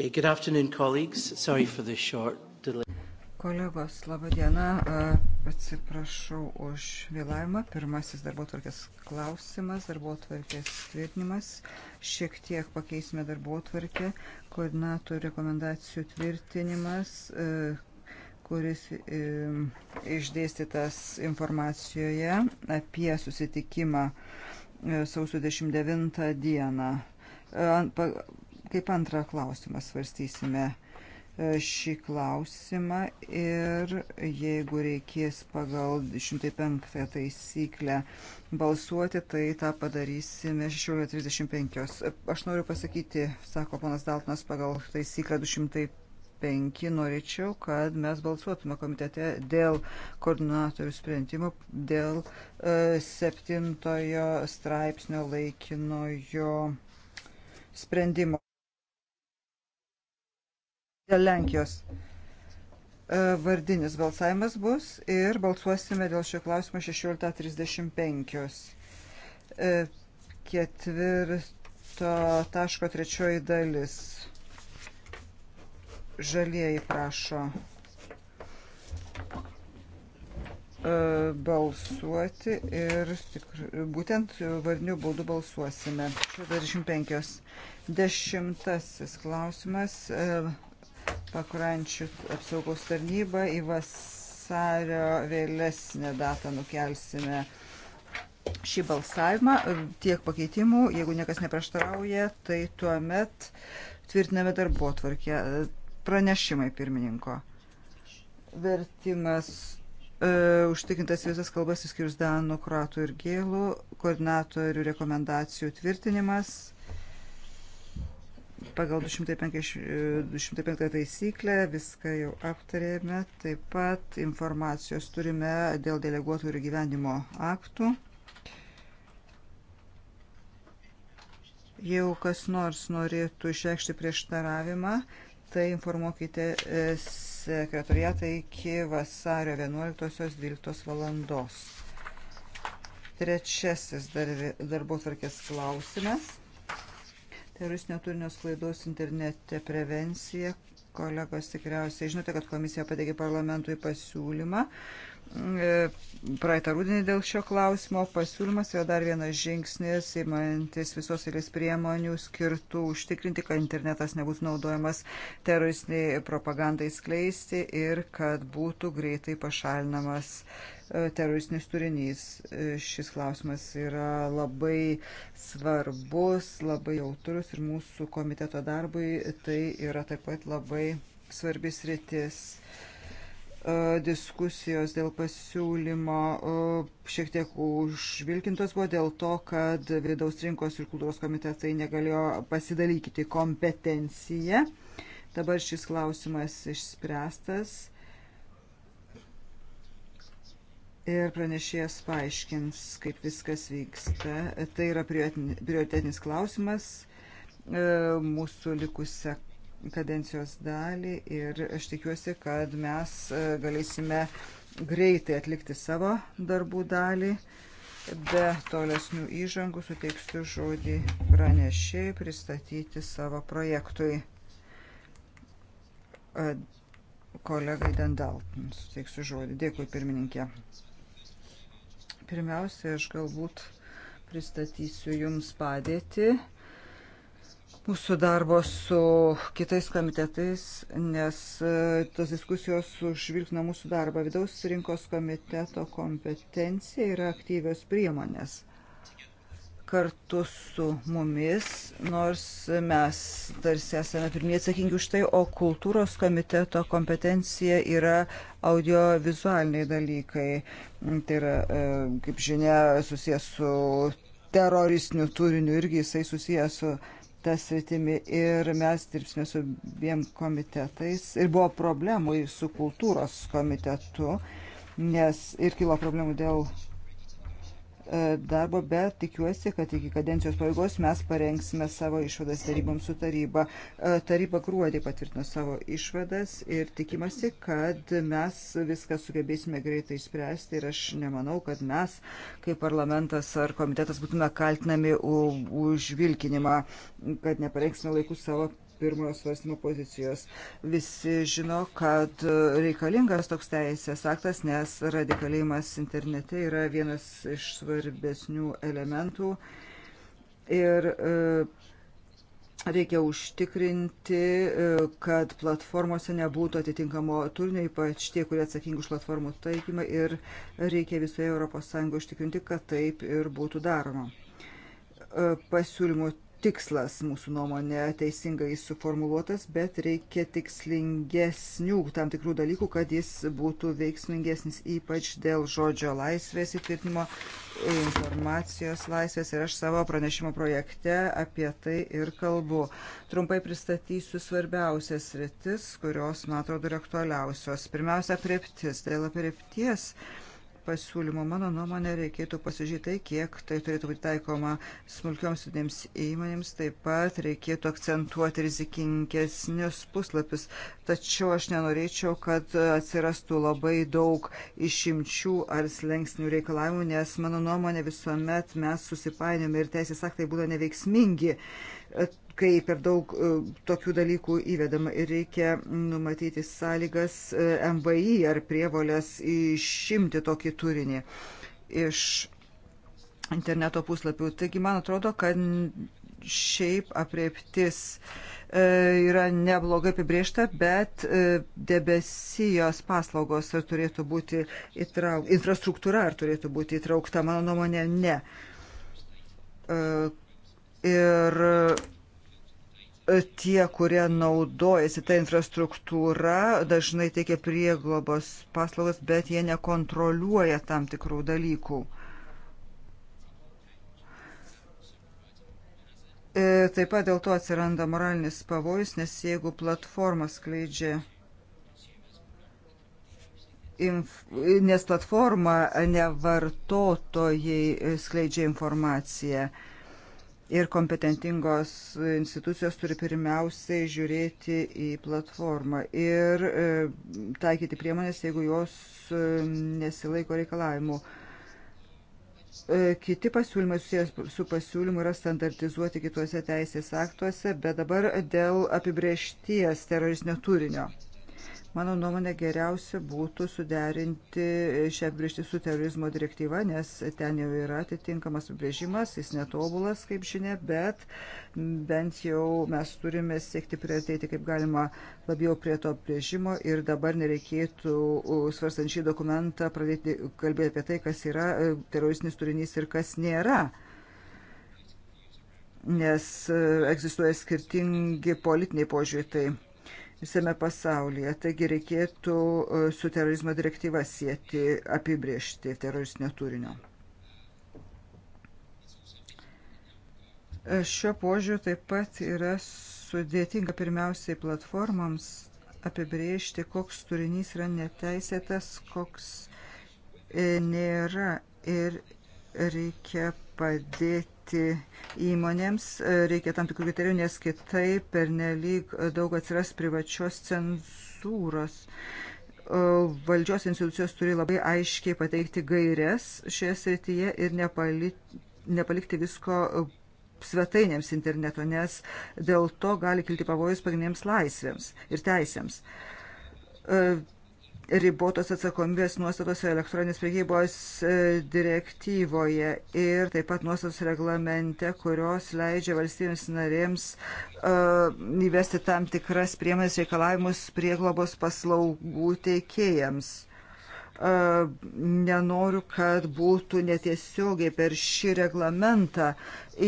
Okay, good afternoon, colleagues. Sorry for the short delay. Kolegos, laba diena. Atsiprašau už vėlavimą. Pirmasis darbo tvarkės klausimas, darbo tvarkės tvirtinimas. Šiek tiek pakeisime darbo tvarkę. Koordinatorių rekomendacijų tvirtinimas, kuris išdėstytas informacijoje apie susitikimą sausio 29 dieną kaip antrą klausimą svarstysime e, šį klausimą ir jeigu reikės pagal 105 taisyklę balsuoti, tai tą padarysime 16.35. Aš noriu pasakyti, sako ponas Daltonas, pagal taisyklę 205 penki norėčiau, kad mes balsuotume komitete dėl koordinatorių sprendimo, dėl e, septintojo straipsnio laikinojo sprendimo. Dėl Lenkijos e, vardinis balsavimas bus ir balsuosime dėl šio klausimo 16.35. E, ketvirto taško trečioji dalis. Žalieji prašo e, balsuoti ir tikr, būtent varnių būdų balsuosime. 45. Dešimtasis klausimas. E, pakrančių apsaugos tarnybą į vasario vėlesnę datą nukelsime šį balsavimą. Tiek pakeitimų, jeigu niekas neprieštarauja, tai tuomet tvirtiname darbo tvarkę. Pranešimai pirmininko. Vertimas e, užtikrintas visas kalbas, išskyrus Danų, Kratų ir Gėlų, koordinatorių rekomendacijų tvirtinimas pagal 205 e, taisyklę viską jau aptarėme. Taip pat informacijos turime dėl deleguotų ir gyvenimo aktų. Jau kas nors norėtų išreikšti prieštaravimą, tai informuokite e, sekretoriatą iki vasario 11.12 valandos. Trečiasis darbo tvarkės klausimas teroristinio turinio sklaidos internete prevencija. Kolegos tikriausiai žinote, kad komisija pateikė parlamentui pasiūlymą E, praeitą rūdienį dėl šio klausimo. Pasiūlymas yra dar vienas žingsnis, įmantis visos eilės priemonių skirtų užtikrinti, kad internetas nebus naudojamas teroristiniai propagandai skleisti ir kad būtų greitai pašalinamas e, teroristinis turinys. E, šis klausimas yra labai svarbus, labai jautrus ir mūsų komiteto darbui tai yra taip pat labai svarbis rytis. Uh, E, diskusijos dėl pasiūlymo e, šiek tiek užvilkintos buvo dėl to, kad vidaus rinkos ir kultūros komitetai negalėjo pasidalykyti kompetenciją. Dabar šis klausimas išspręstas. Ir pranešėjas paaiškins, kaip viskas vyksta. Tai yra prioritetinis klausimas e, mūsų likusią kadencijos dalį ir aš tikiuosi, kad mes e, galėsime greitai atlikti savo darbų dalį. Be tolesnių įžangų suteiksiu žodį pranešiai pristatyti savo projektui. E, kolegai Dendalton suteiksiu žodį. Dėkui, pirmininkė. Pirmiausia, aš galbūt pristatysiu Jums padėtį mūsų darbo su kitais komitetais, nes e, tos diskusijos užvilgna mūsų darbą. Vidaus rinkos komiteto kompetencija yra aktyvios priemonės kartu su mumis, nors mes tarsi esame pirmieji atsakingi už tai, o kultūros komiteto kompetencija yra audiovizualiniai dalykai. Tai yra, e, kaip žinia, susijęs su teroristiniu turiniu irgi jisai susijęs su tas rytimi ir mes dirbsime su dviem komitetais. Ir buvo problemų su kultūros komitetu, nes ir kilo problemų dėl darbo, bet tikiuosi, kad iki kadencijos pabaigos mes parengsime savo išvadas taryboms su taryba. E, taryba gruodį patvirtino savo išvadas ir tikimasi, kad mes viską sugebėsime greitai išspręsti ir aš nemanau, kad mes, kaip parlamentas ar komitetas, būtume kaltinami už vilkinimą, kad neparengsime laikų savo pirmojo svarstymo pozicijos. Visi žino, kad reikalingas toks teisės aktas, nes radikalėjimas internete yra vienas iš svarbesnių elementų. Ir e, reikia užtikrinti, e, kad platformose nebūtų atitinkamo turinio, ypač tie, kurie atsakingi už platformų taikymą ir reikia visoje ES užtikrinti, kad taip ir būtų daroma. E, pasiūlymų tikslas mūsų nuomonė teisingai suformuluotas, bet reikia tikslingesnių tam tikrų dalykų, kad jis būtų veiksmingesnis, ypač dėl žodžio laisvės įtvirtinimo, informacijos laisvės ir aš savo pranešimo projekte apie tai ir kalbu. Trumpai pristatysiu svarbiausias rytis, kurios, man atrodo, yra aktualiausios. Pirmiausia, prieptis. Dėl apriepties. Tai pasiūlymo. Mano nuomonė reikėtų pasižiūrėti, tai, kiek tai turėtų būti taikoma smulkioms studijams įmonėms. Taip pat reikėtų akcentuoti rizikinkesnius puslapius. Tačiau aš nenorėčiau, kad atsirastų labai daug išimčių ar slengsnių reikalavimų, nes mano nuomonė visuomet mes susipainiome ir teisės aktai būna neveiksmingi kai per daug e, tokių dalykų įvedama ir reikia numatyti sąlygas e, MVI ar prievolės išimti tokį turinį iš interneto puslapių. Taigi, man atrodo, kad šiaip apreiptis e, yra neblogai apibriešta, bet debesijos paslaugos ar turėtų būti įtraukta, infrastruktūra ar turėtų būti įtraukta, mano nuomonė, ne. Ir tie, kurie naudojasi tą infrastruktūrą, dažnai teikia prieglobos paslaugas, bet jie nekontroliuoja tam tikrų dalykų. E, taip pat dėl to atsiranda moralinis pavojus, nes jeigu platformas kleidžia inf, nes platforma ne vartotojai skleidžia informaciją ir kompetentingos institucijos turi pirmiausiai žiūrėti į platformą ir e, taikyti priemonės, jeigu jos e, nesilaiko reikalavimų. E, kiti pasiūlymai susijęs su pasiūlymu yra standartizuoti kituose teisės aktuose, bet dabar dėl apibriešties teroristinio turinio. Mano nuomonė geriausia būtų suderinti šią apibrėžtį su terorizmo direktyva, nes ten jau yra atitinkamas apibrėžimas, jis netobulas, kaip žinia, bet bent jau mes turime siekti prieartėti kaip galima labiau prie to apibrėžimo ir dabar nereikėtų, svarstant šį dokumentą, pradėti kalbėti apie tai, kas yra e, teroristinis turinys ir kas nėra nes e, egzistuoja skirtingi politiniai požiūriai. Tai visame pasaulyje. Taigi reikėtų e, su terorizmo direktyva sieti apibriežti teroristinio turinio. E, Šio požiūriu taip pat yra sudėtinga pirmiausiai platformoms apibriežti, koks turinys yra neteisėtas, koks e, nėra ir reikia padėti padėti įmonėms, e, reikia tam tikrų kriterijų, nes kitaip pernelyg daug atsiras privačios cenzūros. E, Valdžios institucijos turi labai aiškiai pateikti gairias šioje srityje ir nepali, nepalikti visko svetainėms interneto, nes dėl to gali kilti pavojus pagrindiniams laisvėms ir teisėms e, ribotos atsakomybės nuostatos elektroninės priekybos e, direktyvoje ir taip pat nuostatos reglamente, kurios leidžia valstybėms narėms uh, įvesti tam tikras priemonės reikalavimus prieglobos paslaugų teikėjams. Uh, nenoriu, kad būtų netiesiogiai per šį reglamentą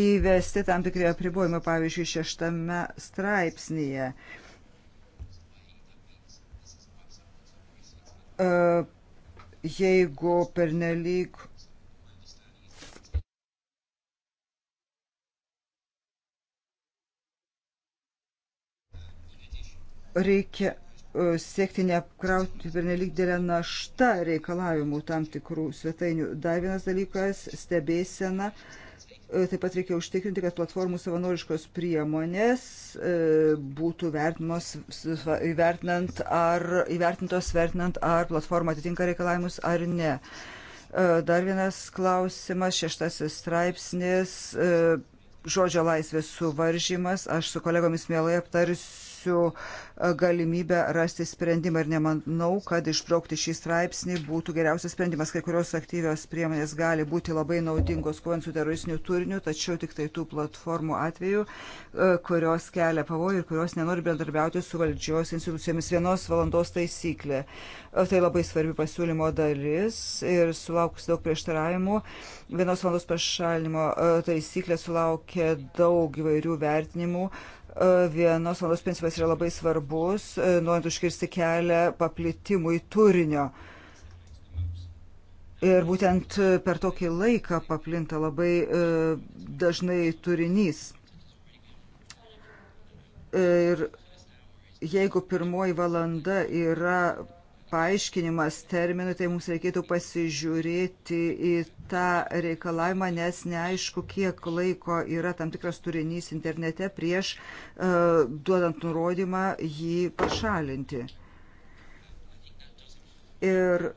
įvesti tam tikrai apribojimai, pavyzdžiui, šeštame straipsnėje. Uh, E, jeigu pernelyg reikia e, siekti neapkrauti pernelyg dėlę naštą reikalavimų tam tikrų svetainių. Dar vienas dalykas - stebėsena. Uh, Taip pat reikia užtikrinti, kad platformų savanoriškos priemonės e, būtų vertinant ar, įvertintos, vertinant ar platforma atitinka reikalavimus ar ne. E, dar vienas klausimas, šeštasis straipsnis, e, žodžio laisvės suvaržymas. Aš su kolegomis mielai aptarsiu teisių e, galimybę rasti sprendimą ir nemanau, kad išbraukti šį straipsnį būtų geriausias sprendimas. Kai kurios aktyvios priemonės gali būti labai naudingos kovant su teroristiniu turiniu, tačiau tik tai tų platformų atveju, e, kurios kelia pavojų ir kurios nenori bendarbiauti su valdžios institucijomis. Vienos valandos taisyklė. E, tai labai svarbi pasiūlymo dalis ir sulauks daug prieštaravimų. Vienos valandos pašalinimo taisyklė sulaukė daug įvairių vertinimų E, vienos valandos principas yra labai svarbus, e, norint užkirsti kelią paplitimui turinio. Ir būtent per tokį laiką paplinta labai e, dažnai turinys. Ir jeigu pirmoji valanda yra paaiškinimas terminui, tai mums reikėtų pasižiūrėti į tą reikalavimą, nes neaišku, kiek laiko yra tam tikras turinys internete prieš uh, duodant nurodymą jį pašalinti. Ir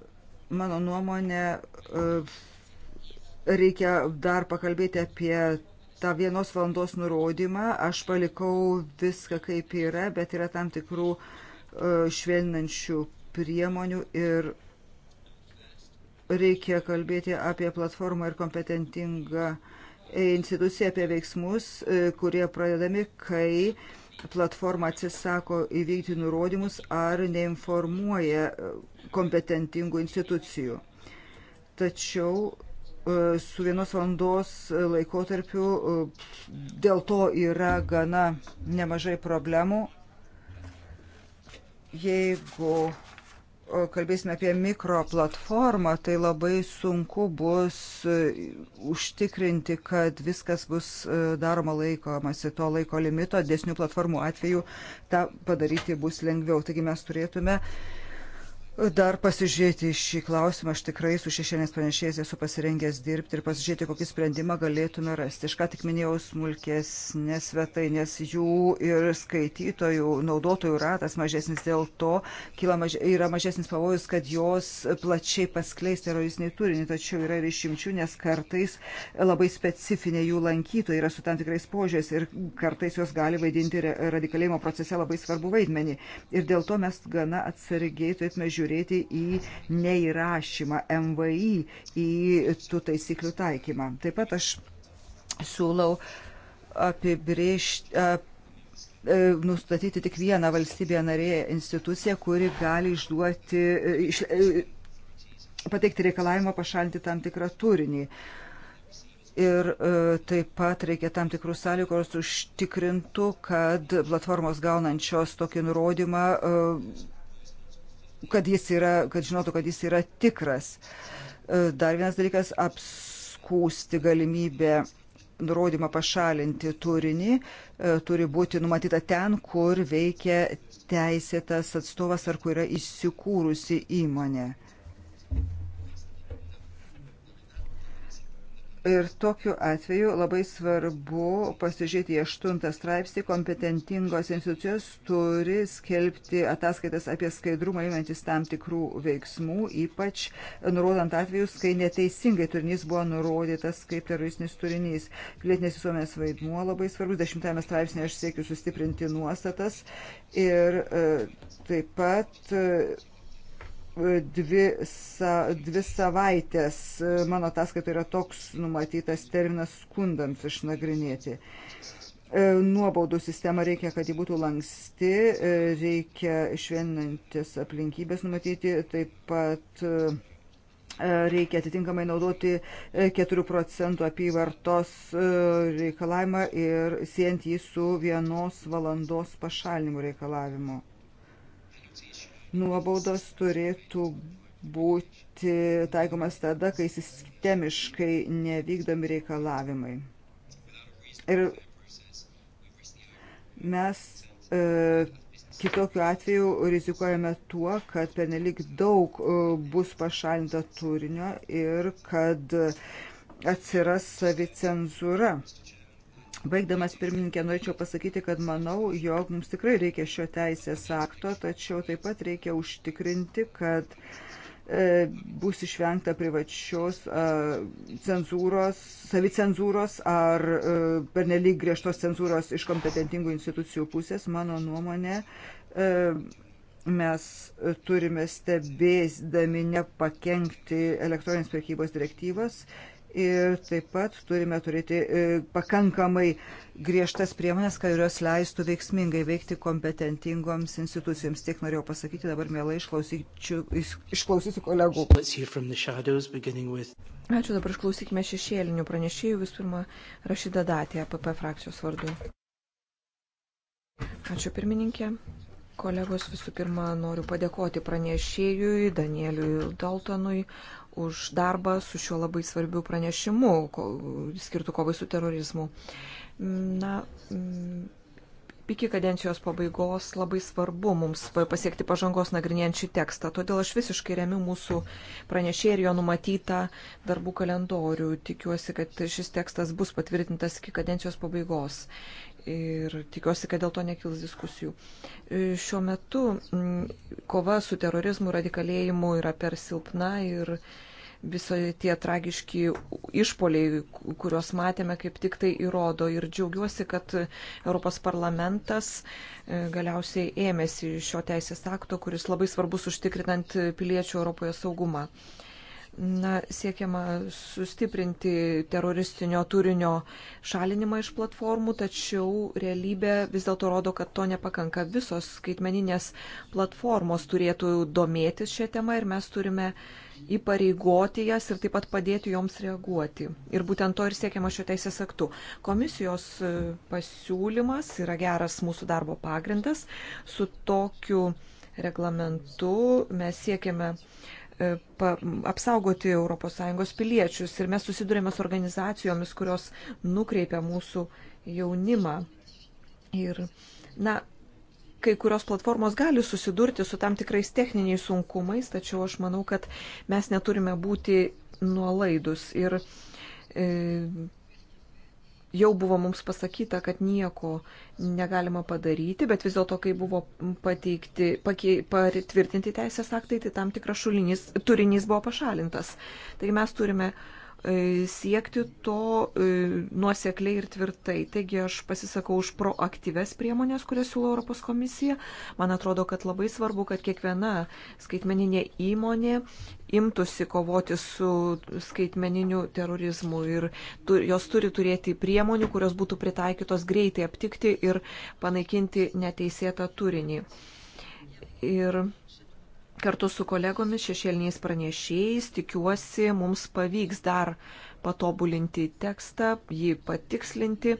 mano nuomonė, uh, reikia dar pakalbėti apie tą vienos valandos nurodymą, aš palikau viską kaip yra, bet yra tam tikrų e, švelninančių priemonių ir reikia kalbėti apie platformą ir kompetentingą instituciją, apie veiksmus, e, kurie pradedami, kai platforma atsisako įvykti nurodymus ar neinformuoja e, kompetentingų institucijų. Tačiau e, su vienos valandos laikotarpiu dėl to yra gana nemažai problemų. Jeigu kalbėsime apie mikroplatformą, tai labai sunku bus e, užtikrinti, kad viskas bus e, daroma laikomasi to laiko limito. Desnių platformų atveju tą padaryti bus lengviau. Taigi mes turėtume uh, dar pasižiūrėti šį klausimą. Aš tikrai su šešėlės pranešėjais esu pasirengęs dirbti ir pasižiūrėti, kokį sprendimą galėtume rasti. Iš ką tik minėjau smulkesnės svetainės, jų ir skaitytojų, naudotojų ratas mažesnis, dėl to maž... yra mažesnis pavojus, kad jos plačiai paskleis teroristinį turinį, tačiau yra ir išimčių, nes kartais labai specifinė jų lankytojai yra su tam tikrais požiūrės ir kartais jos gali vaidinti radikalėjimo procese labai svarbu vaidmenį. Ir dėl to mes gana atsargiai turėtume žiūrėti žiūrėti į neįrašymą MVI, į tų taisyklių taikymą. Taip pat aš siūlau apibriežti. Ap, e, nustatyti tik vieną valstybėje narėje instituciją, kuri gali išduoti, e, iš, e, pateikti reikalavimą pašalinti tam tikrą turinį. Ir taip pat reikia tam tikrų sąlygų, kurios užtikrintų, kad platformos gaunančios tokį nurodymą kad jis yra, kad žinotų, kad jis yra tikras. E, dar vienas dalykas - apskūsti galimybę nurodymą pašalinti turinį e, turi būti numatyta ten, kur veikia teisėtas atstovas ar kur yra įsikūrusi įmonė. Ir tokiu atveju labai svarbu pasižiūrėti į aštuntą straipsnį, kompetentingos institucijos turi skelbti ataskaitas apie skaidrumą įmantis tam tikrų veiksmų, ypač nurodant atvejus, kai neteisingai turinys buvo nurodytas kaip teroristinis turinys. Pilietinės visuomenės vaidmuo labai svarbus. Dešimtame straipsnėje aš siekiu sustiprinti nuostatas ir e, taip pat e, dvi, sa, dvi savaitės. Mano ataskaita yra toks numatytas terminas skundams išnagrinėti. E, nuobaudų sistema reikia, kad ji būtų lanksti, e, reikia švelninantis aplinkybės numatyti, taip pat e, reikia atitinkamai naudoti 4 procentų apyvartos reikalavimą ir siejant jį su vienos valandos pašalinimu reikalavimu nuobaudos turėtų būti taikomas tada, kai sistemiškai nevykdomi reikalavimai. Ir mes e, kitokiu atveju rizikuojame tuo, kad pernelik daug e, bus pašalinta turinio ir kad e, atsiras savicenzūra. E, Baigdamas pirmininkė, norėčiau pasakyti, kad manau, jog mums tikrai reikia šio teisės akto, tačiau taip pat reikia užtikrinti, kad e, bus išvengta privačios e, cenzūros, savicenzūros ar e, pernelyg griežtos cenzūros iš kompetentingų institucijų pusės. Mano nuomonė, e, mes turime stebėsdami nepakenkti elektroninės prekybos direktyvos ir taip pat turime turėti e, pakankamai griežtas priemonės, kurios leistų veiksmingai veikti kompetentingoms institucijoms. Tiek norėjau pasakyti, dabar mielai išklausysiu kolegų. Ačiū, dabar išklausykime šešėlinių pranešėjų, visų pirma, Rašyda Datė, APP frakcijos vardu. Ačiū pirmininkė. Kolegos, visų pirma, noriu padėkoti pranešėjui Danieliui Daltonui už darbą su šiuo labai svarbiu pranešimu, skirtu kovai su terorizmu. Na, iki kadencijos pabaigos labai svarbu mums pasiekti pažangos nagrinėjant šį tekstą, todėl aš visiškai remiu mūsų pranešėją ir jo numatytą darbų kalendorių. Tikiuosi, kad šis tekstas bus patvirtintas iki kadencijos pabaigos ir tikiuosi, kad dėl to nekils diskusijų. E, šiuo metu mm, kova su terorizmu, radikalėjimu yra per silpna ir viso tie tragiški išpoliai, kuriuos matėme, kaip tik tai įrodo. Ir džiaugiuosi, kad Europos parlamentas e, galiausiai ėmėsi šio teisės akto, kuris labai svarbus užtikrinant piliečių Europoje saugumą. Na, siekiama sustiprinti teroristinio turinio šalinimą iš platformų, tačiau realybė vis dėlto rodo, kad to nepakanka. Visos skaitmeninės platformos turėtų domėtis šią temą ir mes turime įpareigoti jas ir taip pat padėti joms reaguoti. Ir būtent to ir siekiama šio teisės aktu. Komisijos e, pasiūlymas yra geras mūsų darbo pagrindas. Su tokiu reglamentu mes siekiame E, apsaugoti ES piliečius. Ir mes susidurėme su organizacijomis, kurios nukreipia mūsų jaunimą. Ir, na, kai kurios platformos gali susidurti su tam tikrais techniniais sunkumais, tačiau aš manau, kad mes neturime būti nuolaidus. Ir e, jau buvo mums pasakyta, kad nieko negalima padaryti, bet vis dėlto, kai buvo pateikti, pakei, patvirtinti teisės aktai, tai tam tikras šulinys, turinys buvo pašalintas. Taigi mes turime E, siekti to e, nuosekliai ir tvirtai. Taigi aš pasisakau už proaktyves priemonės, kurias siūlo Europos komisija. Man atrodo, kad labai svarbu, kad kiekviena skaitmeninė įmonė imtųsi kovoti su skaitmeniniu terorizmu ir tu, jos turi turėti priemonių, kurios būtų pritaikytos greitai aptikti ir panaikinti neteisėtą turinį. Ir kartu su kolegomis šešėliniais pranešėjais tikiuosi mums pavyks dar patobulinti tekstą, jį patikslinti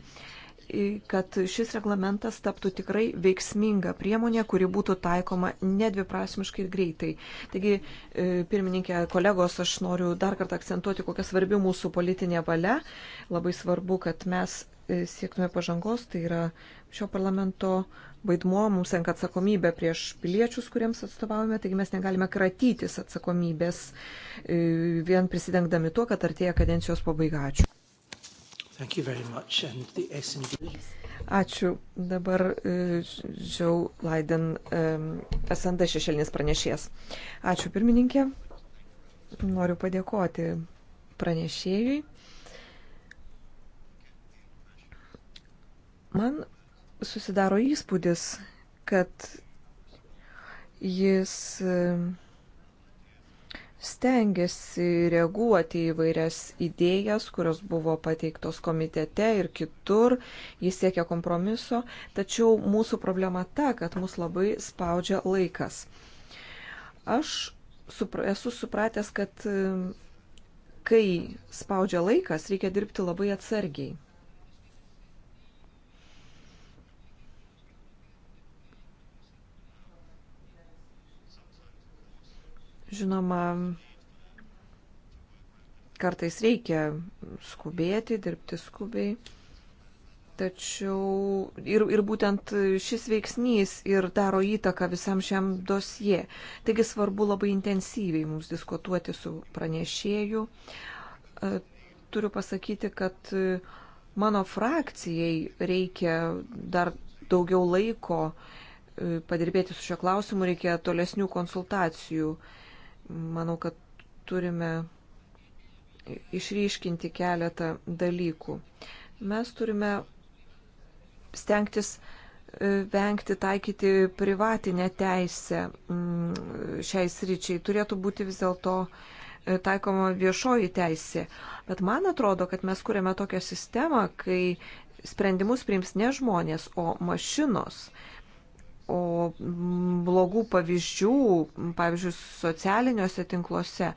kad šis reglamentas taptų tikrai veiksminga priemonė, kuri būtų taikoma nedviprasmiškai ir greitai. Taigi, e, pirmininkė, kolegos, aš noriu dar kartą akcentuoti, kokia svarbi mūsų politinė valia. Labai svarbu, kad mes siektume pažangos, tai yra šio parlamento vaidmuo, mums tenka atsakomybė prieš piliečius, kuriems atstovaujame, taigi mes negalime kratytis atsakomybės e, vien prisidengdami tuo, kad artėja kadencijos pabaiga. Ačiū. Ačiū. Dabar Žiau e, Laiden e, SND šešėlinis pranešėjas. Ačiū pirmininkė. Noriu padėkoti pranešėjui Man susidaro įspūdis, kad jis e, stengiasi reaguoti į vairias idėjas, kurios buvo pateiktos komitete ir kitur, jis siekia kompromiso, tačiau mūsų problema ta, kad mus labai spaudžia laikas. Aš supra, esu supratęs, kad e, kai spaudžia laikas, reikia dirbti labai atsargiai. Žinoma, kartais reikia skubėti, dirbti skubiai. Tačiau ir, ir būtent šis veiksnys ir daro įtaką visam šiam dosie. Taigi svarbu labai intensyviai mums diskutuoti su pranešėju. E, turiu pasakyti, kad e, mano frakcijai reikia dar daugiau laiko e, padirbėti su šio klausimu, reikia tolesnių konsultacijų. Uh, manau, kad turime išryškinti keletą dalykų. Mes turime stengtis e, vengti taikyti privatinę teisę mm, šiai sričiai. Turėtų būti vis dėlto e, taikoma viešoji teisė. Bet man atrodo, kad mes kuriame tokią sistemą, kai sprendimus priims ne žmonės, o mašinos. Uh, O blogų pavyzdžių, pavyzdžiui, socialiniuose tinkluose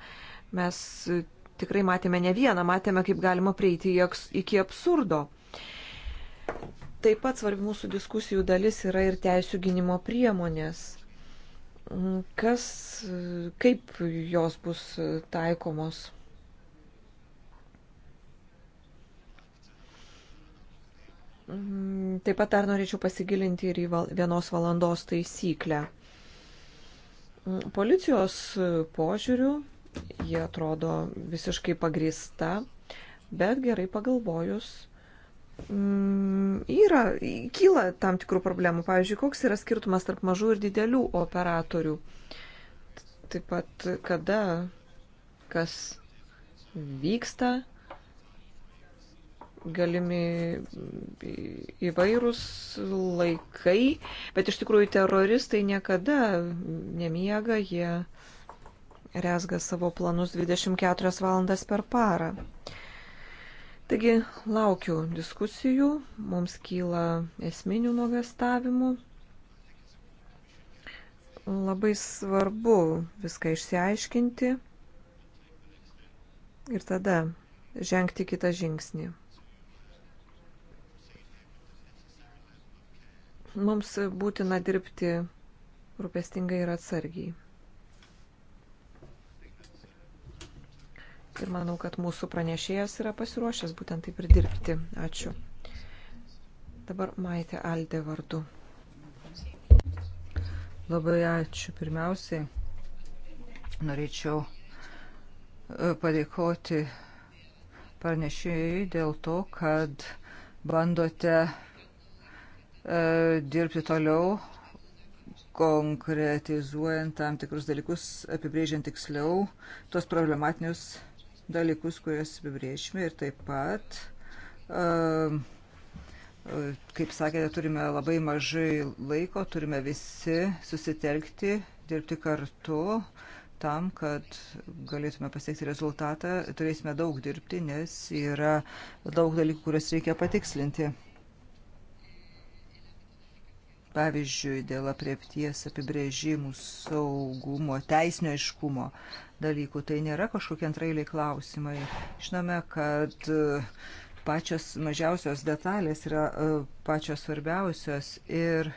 mes tikrai matėme ne vieną, matėme, kaip galima prieiti iki absurdo. Taip pat svarbi mūsų diskusijų dalis yra ir teisų gynimo priemonės. Kas, kaip jos bus taikomos? Mm, taip pat dar norėčiau pasigilinti ir į vienos valandos taisyklę. Mm, policijos požiūrių jie atrodo visiškai pagrįsta, bet gerai pagalvojus, mm, yra, kyla tam tikrų problemų. Pavyzdžiui, koks yra skirtumas tarp mažų ir didelių operatorių. Taip pat kada kas vyksta, galimi įvairūs laikai, bet iš tikrųjų teroristai niekada nemiega, jie rezga savo planus 24 valandas per parą. Taigi laukiu diskusijų, mums kyla esminių nuogastavimų. Labai svarbu viską išsiaiškinti ir tada žengti kitą žingsnį. Mums būtina dirbti rūpestingai ir atsargiai. Ir manau, kad mūsų pranešėjas yra pasiruošęs būtent taip ir dirbti. Ačiū. Dabar Maitė Aldė vardu. Labai ačiū. Pirmiausiai norėčiau e, padėkoti pranešėjai dėl to, kad bandote E, dirbti toliau, konkretizuojant tam tikrus dalykus, apibrėžiant tiksliau tos problematinius dalykus, kuriuos apibrėžime ir taip pat, e, e, kaip sakėte, turime labai mažai laiko, turime visi susitelkti, dirbti kartu tam, kad galėtume pasiekti rezultatą, turėsime daug dirbti, nes yra daug dalykų, kuriuos reikia patikslinti pavyzdžiui, dėl apriepties apibrėžimų, saugumo, teisinio iškumo dalykų. Tai nėra kažkokie antrailiai klausimai. Žinome, kad e, pačios mažiausios detalės yra e, pačios svarbiausios ir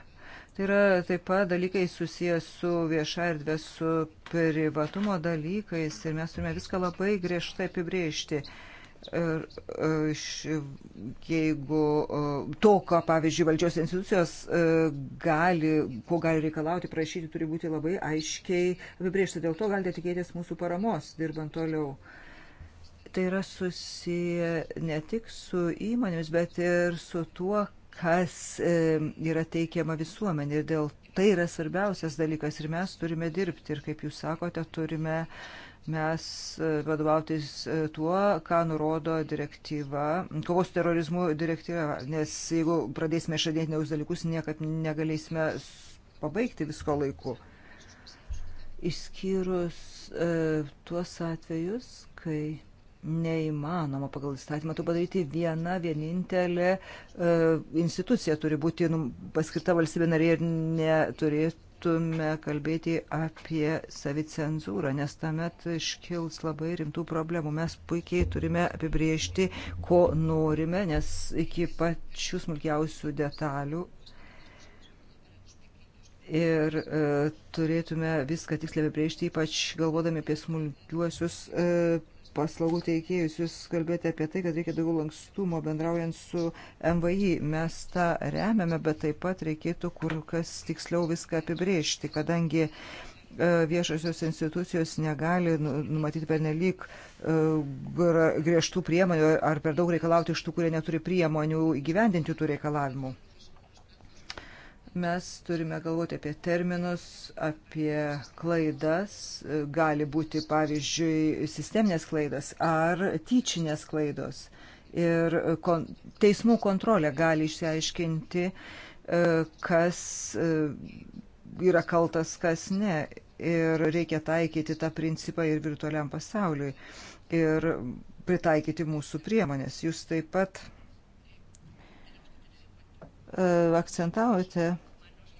tai yra taip pat dalykai susijęs su vieša erdvė, su privatumo dalykais ir mes turime viską labai griežtai apibrėžti. E, jeigu e, to, ką, pavyzdžiui, valdžios institucijos e, gali, ko gali reikalauti, prašyti, turi būti labai aiškiai apibriežta. Dėl to galite tikėtis mūsų paramos, dirbant toliau. Tai yra susiję ne tik su įmonėmis, bet ir su tuo, kas yra teikiama visuomenė. Ir dėl tai yra svarbiausias dalykas ir mes turime dirbti. Ir kaip jūs sakote, turime mes e, vadovautis e, tuo, ką nurodo direktyva, kovos su terorizmu direktyva, nes jeigu pradėsime išradėti naujus dalykus, niekaip negalėsime pabaigti visko laiku. Išskyrus e, tuos atvejus, kai neįmanoma pagal įstatymą to padaryti. Viena vienintelė e, institucija turi būti nu, paskirta valstybė narė ir neturėtų turėtume kalbėti apie savicenzūrą, nes tamet iškils labai rimtų problemų. Mes puikiai turime apibriežti, ko norime, nes iki pačių smulkiausių detalių. Ir e, turėtume viską tiksliai apibriežti, ypač galvodami apie smulkiuosius e, paslaugų teikėjus. Jūs kalbėjote apie tai, kad reikia daugiau lankstumo bendraujant su MVI. Mes tą remiame, bet taip pat reikėtų kur kas tiksliau viską apibrėžti, kadangi e, viešosios institucijos negali nu, numatyti pernelyg e, griežtų priemonių ar per daug reikalauti iš tų, kurie neturi priemonių įgyvendinti tų reikalavimų. Mes turime galvoti apie terminus, apie klaidas, gali būti pavyzdžiui sisteminės klaidas ar tyčinės klaidos. Ir kon, teismų kontrolė gali išsiaiškinti, e, kas e, yra kaltas, kas ne. Ir reikia taikyti tą principą ir virtualiam pasauliui. Ir pritaikyti mūsų priemonės. Jūs taip pat E, akcentavote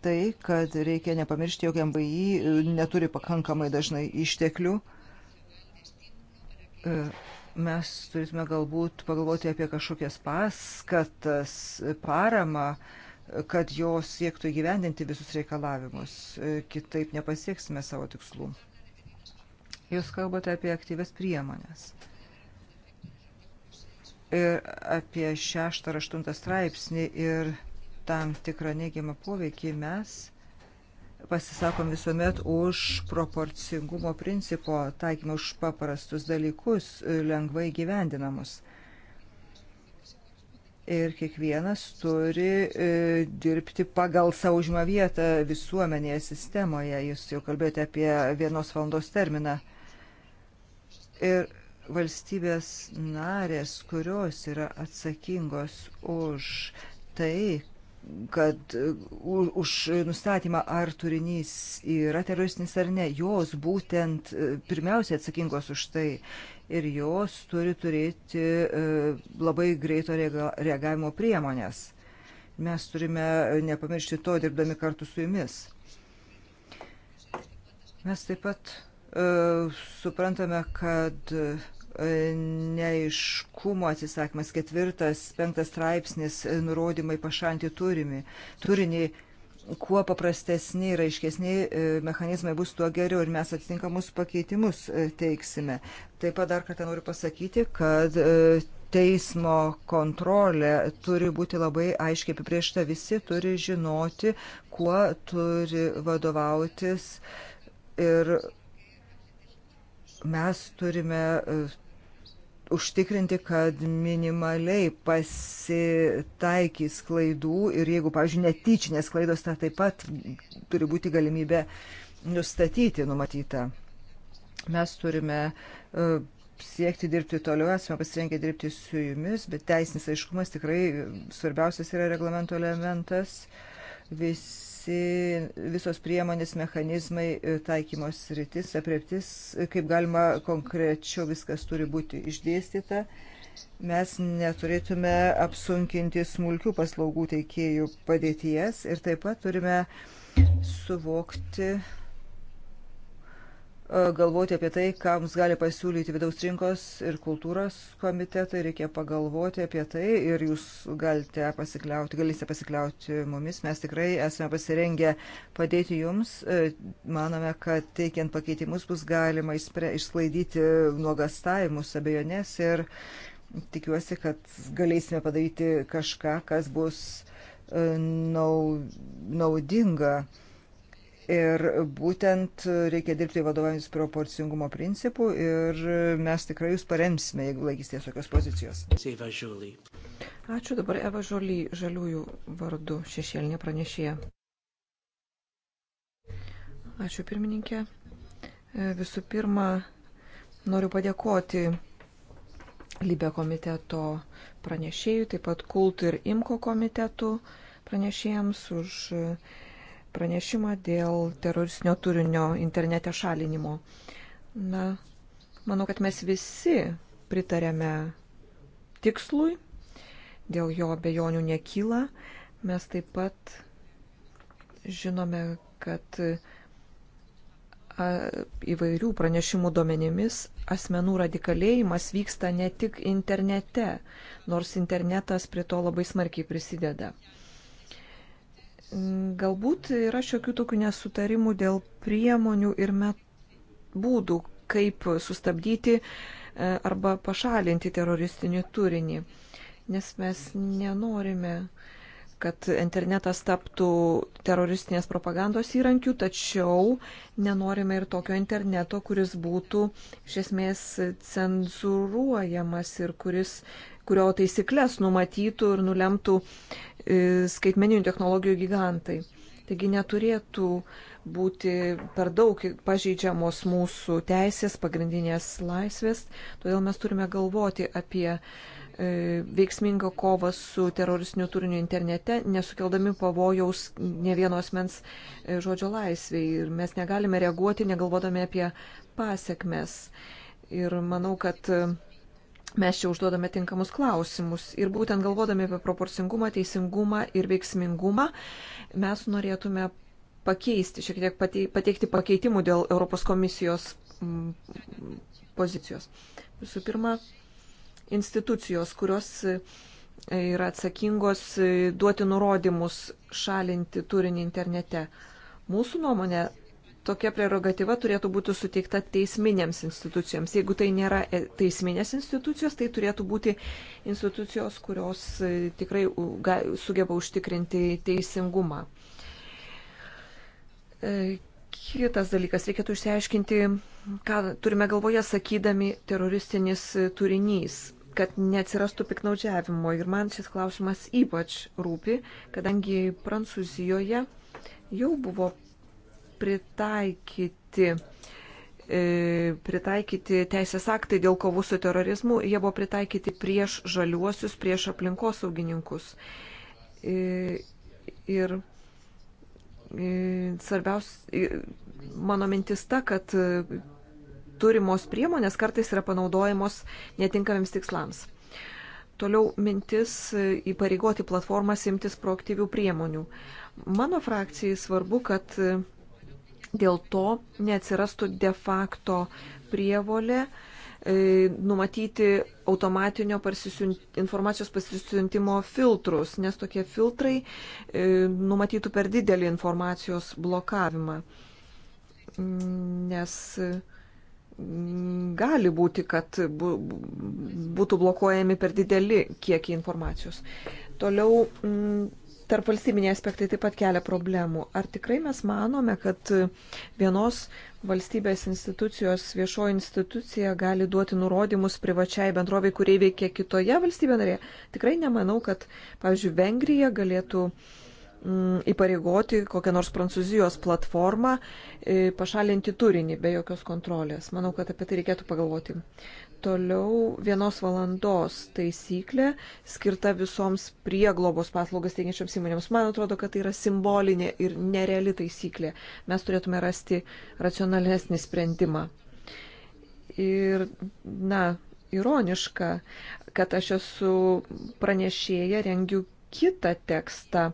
tai, kad reikia nepamiršti, jog MVI e, neturi pakankamai dažnai išteklių. E, mes turėtume galbūt pagalvoti apie kažkokias paskatas, paramą, kad jos siektų įgyvendinti visus reikalavimus. Kitaip nepasieksime savo tikslų. Jūs kalbate apie aktyves priemonės. Ir apie šeštą ar aštuntą straipsnį ir tam tikrą neigiamą poveikį, mes pasisakom visuomet už proporcingumo principo taikymą, už paprastus dalykus, e, lengvai gyvendinamus. Ir kiekvienas turi e, dirbti pagal savo užimą vietą visuomenėje sistemoje. Jūs jau kalbėjote apie vienos valandos terminą. Ir valstybės narės, kurios yra atsakingos už tai, kad e, už nustatymą, ar turinys yra teroristinis ar ne, jos būtent e, pirmiausiai atsakingos už tai ir jos turi turėti e, labai greito reagavimo priemonės. Mes turime nepamiršti to, dirbdami kartu su jumis. Mes taip pat suprantame, kad uh, neiškumo atsisakymas, ketvirtas, penktas straipsnis, e, nurodymai pašalinti turimi, turinį, kuo paprastesni ir aiškesni e, mechanizmai bus, tuo geriau ir mes atitinkamus pakeitimus e, teiksime. Taip pat dar kartą noriu pasakyti, kad teismo kontrolė turi būti labai aiškiai apibriešta, visi turi žinoti, kuo turi vadovautis ir mes turime užtikrinti, kad minimaliai pasitaikys klaidų ir jeigu, pavyzdžiui, netyčinės klaidos, tai taip pat turi būti galimybė nustatyti numatytą. Mes turime uh, siekti dirbti toliau, esame pasirengę dirbti su jumis, bet teisinis aiškumas tikrai svarbiausias yra reglamento elementas. Visi visi, visos priemonės, mechanizmai, e, taikymos rytis, apreptis, e, kaip galima konkrečiau viskas turi būti išdėstyta. Mes neturėtume apsunkinti smulkių paslaugų teikėjų padėties ir taip pat turime suvokti galvoti apie tai, ką mums gali pasiūlyti vidaus rinkos ir kultūros komitetai, reikia pagalvoti apie tai ir jūs galite pasikliauti, galite pasikliauti mumis, mes tikrai esame pasirengę padėti jums, manome, kad teikiant pakeitimus bus galima išsklaidyti nuogastavimus, abejonės ir tikiuosi, kad galėsime padaryti kažką, kas bus e, naudinga. Ir būtent reikia dirbti vadovaujantis proporcingumo principu ir mes tikrai jūs paremsime, jeigu laikysitės tokios pozicijos. Ačiū dabar Eva Žolį, žaliųjų vardu, šešėlinė pranešėja. Ačiū pirmininkė. E, visų pirma, noriu padėkoti Libė komiteto pranešėjų, taip pat Kult ir Imko komitetų pranešėjams už uh, pranešimą dėl teroristinio turinio internete šalinimo. Na, manau, kad mes visi pritarėme tikslui, dėl jo bejonių nekyla. Mes taip pat žinome, kad įvairių pranešimų duomenimis asmenų radikalėjimas vyksta ne tik internete, nors internetas prie to labai smarkiai prisideda. Galbūt yra šiokių tokių nesutarimų dėl priemonių ir met... būdų, kaip sustabdyti e, arba pašalinti teroristinį turinį. Nes mes nenorime, kad internetas taptų teroristinės propagandos įrankių, tačiau nenorime ir tokio interneto, kuris būtų iš esmės cenzūruojamas ir kuris kurio taisyklės numatytų ir nulemtų e, skaitmeninių technologijų gigantai. Taigi neturėtų būti per daug pažeidžiamos mūsų teisės, pagrindinės laisvės, todėl mes turime galvoti apie e, veiksmingą kovą su teroristiniu turiniu internete, nesukeldami pavojaus ne vienos mens e, žodžio laisviai. Ir mes negalime reaguoti, negalvodami apie pasiekmes. Ir manau, kad mes čia užduodame tinkamus klausimus. Ir būtent galvodami apie proporcingumą, teisingumą ir veiksmingumą, mes norėtume pakeisti, šiek tiek pateikti pakeitimų dėl Europos komisijos mm, pozicijos. Visų pirma, institucijos, kurios e, yra atsakingos e, duoti nurodymus šalinti turinį internete. Mūsų nuomonė tokia prerogatyva turėtų būti suteikta teisminėms institucijoms. Jeigu tai nėra e, teisminės institucijos, tai turėtų būti institucijos, kurios e, tikrai sugeba užtikrinti teisingumą. E, kitas dalykas, reikėtų išsiaiškinti, ką turime galvoje sakydami teroristinis turinys, kad neatsirastų piknaudžiavimo. Ir man šis klausimas ypač rūpi, kadangi Prancūzijoje jau buvo pritaikyti e, pritaikyti teisės aktai dėl kovų su terorizmu, jie buvo pritaikyti prieš žaliuosius, prieš aplinkosaugininkus. E, ir e, svarbiausia, mano mintis ta, kad turimos priemonės kartais yra panaudojamos netinkamiems tikslams. Toliau mintis įpareigoti platformas imtis proaktyvių priemonių. Mano frakcijai svarbu, kad Dėl to neatsirastų de facto prievolė e, numatyti automatinio parsisiunt, informacijos pasisiuntimo filtrus, nes tokie filtrai e, numatytų per didelį informacijos blokavimą. Nes e, gali būti, kad būtų blokuojami per dideli kiekiai informacijos. Toliau tarp valstybiniai aspektai taip pat kelia problemų. Ar tikrai mes manome, kad vienos valstybės institucijos viešoji institucija gali duoti nurodymus privačiai bendroviai, kurie veikia kitoje valstybė narėje? Tikrai nemanau, kad, pavyzdžiui, Vengrija galėtų mm, įpareigoti kokią nors prancūzijos platformą, e, pašalinti turinį be jokios kontrolės. Manau, kad apie tai reikėtų pagalvoti. Toliau vienos valandos taisyklė skirta visoms prieglobos paslaugas teikiančioms įmonėms. Man atrodo, kad tai yra simbolinė ir nereali taisyklė. Mes turėtume rasti racionalesnį sprendimą. Ir, na, ironiška, kad aš esu pranešėja, rengiu kitą tekstą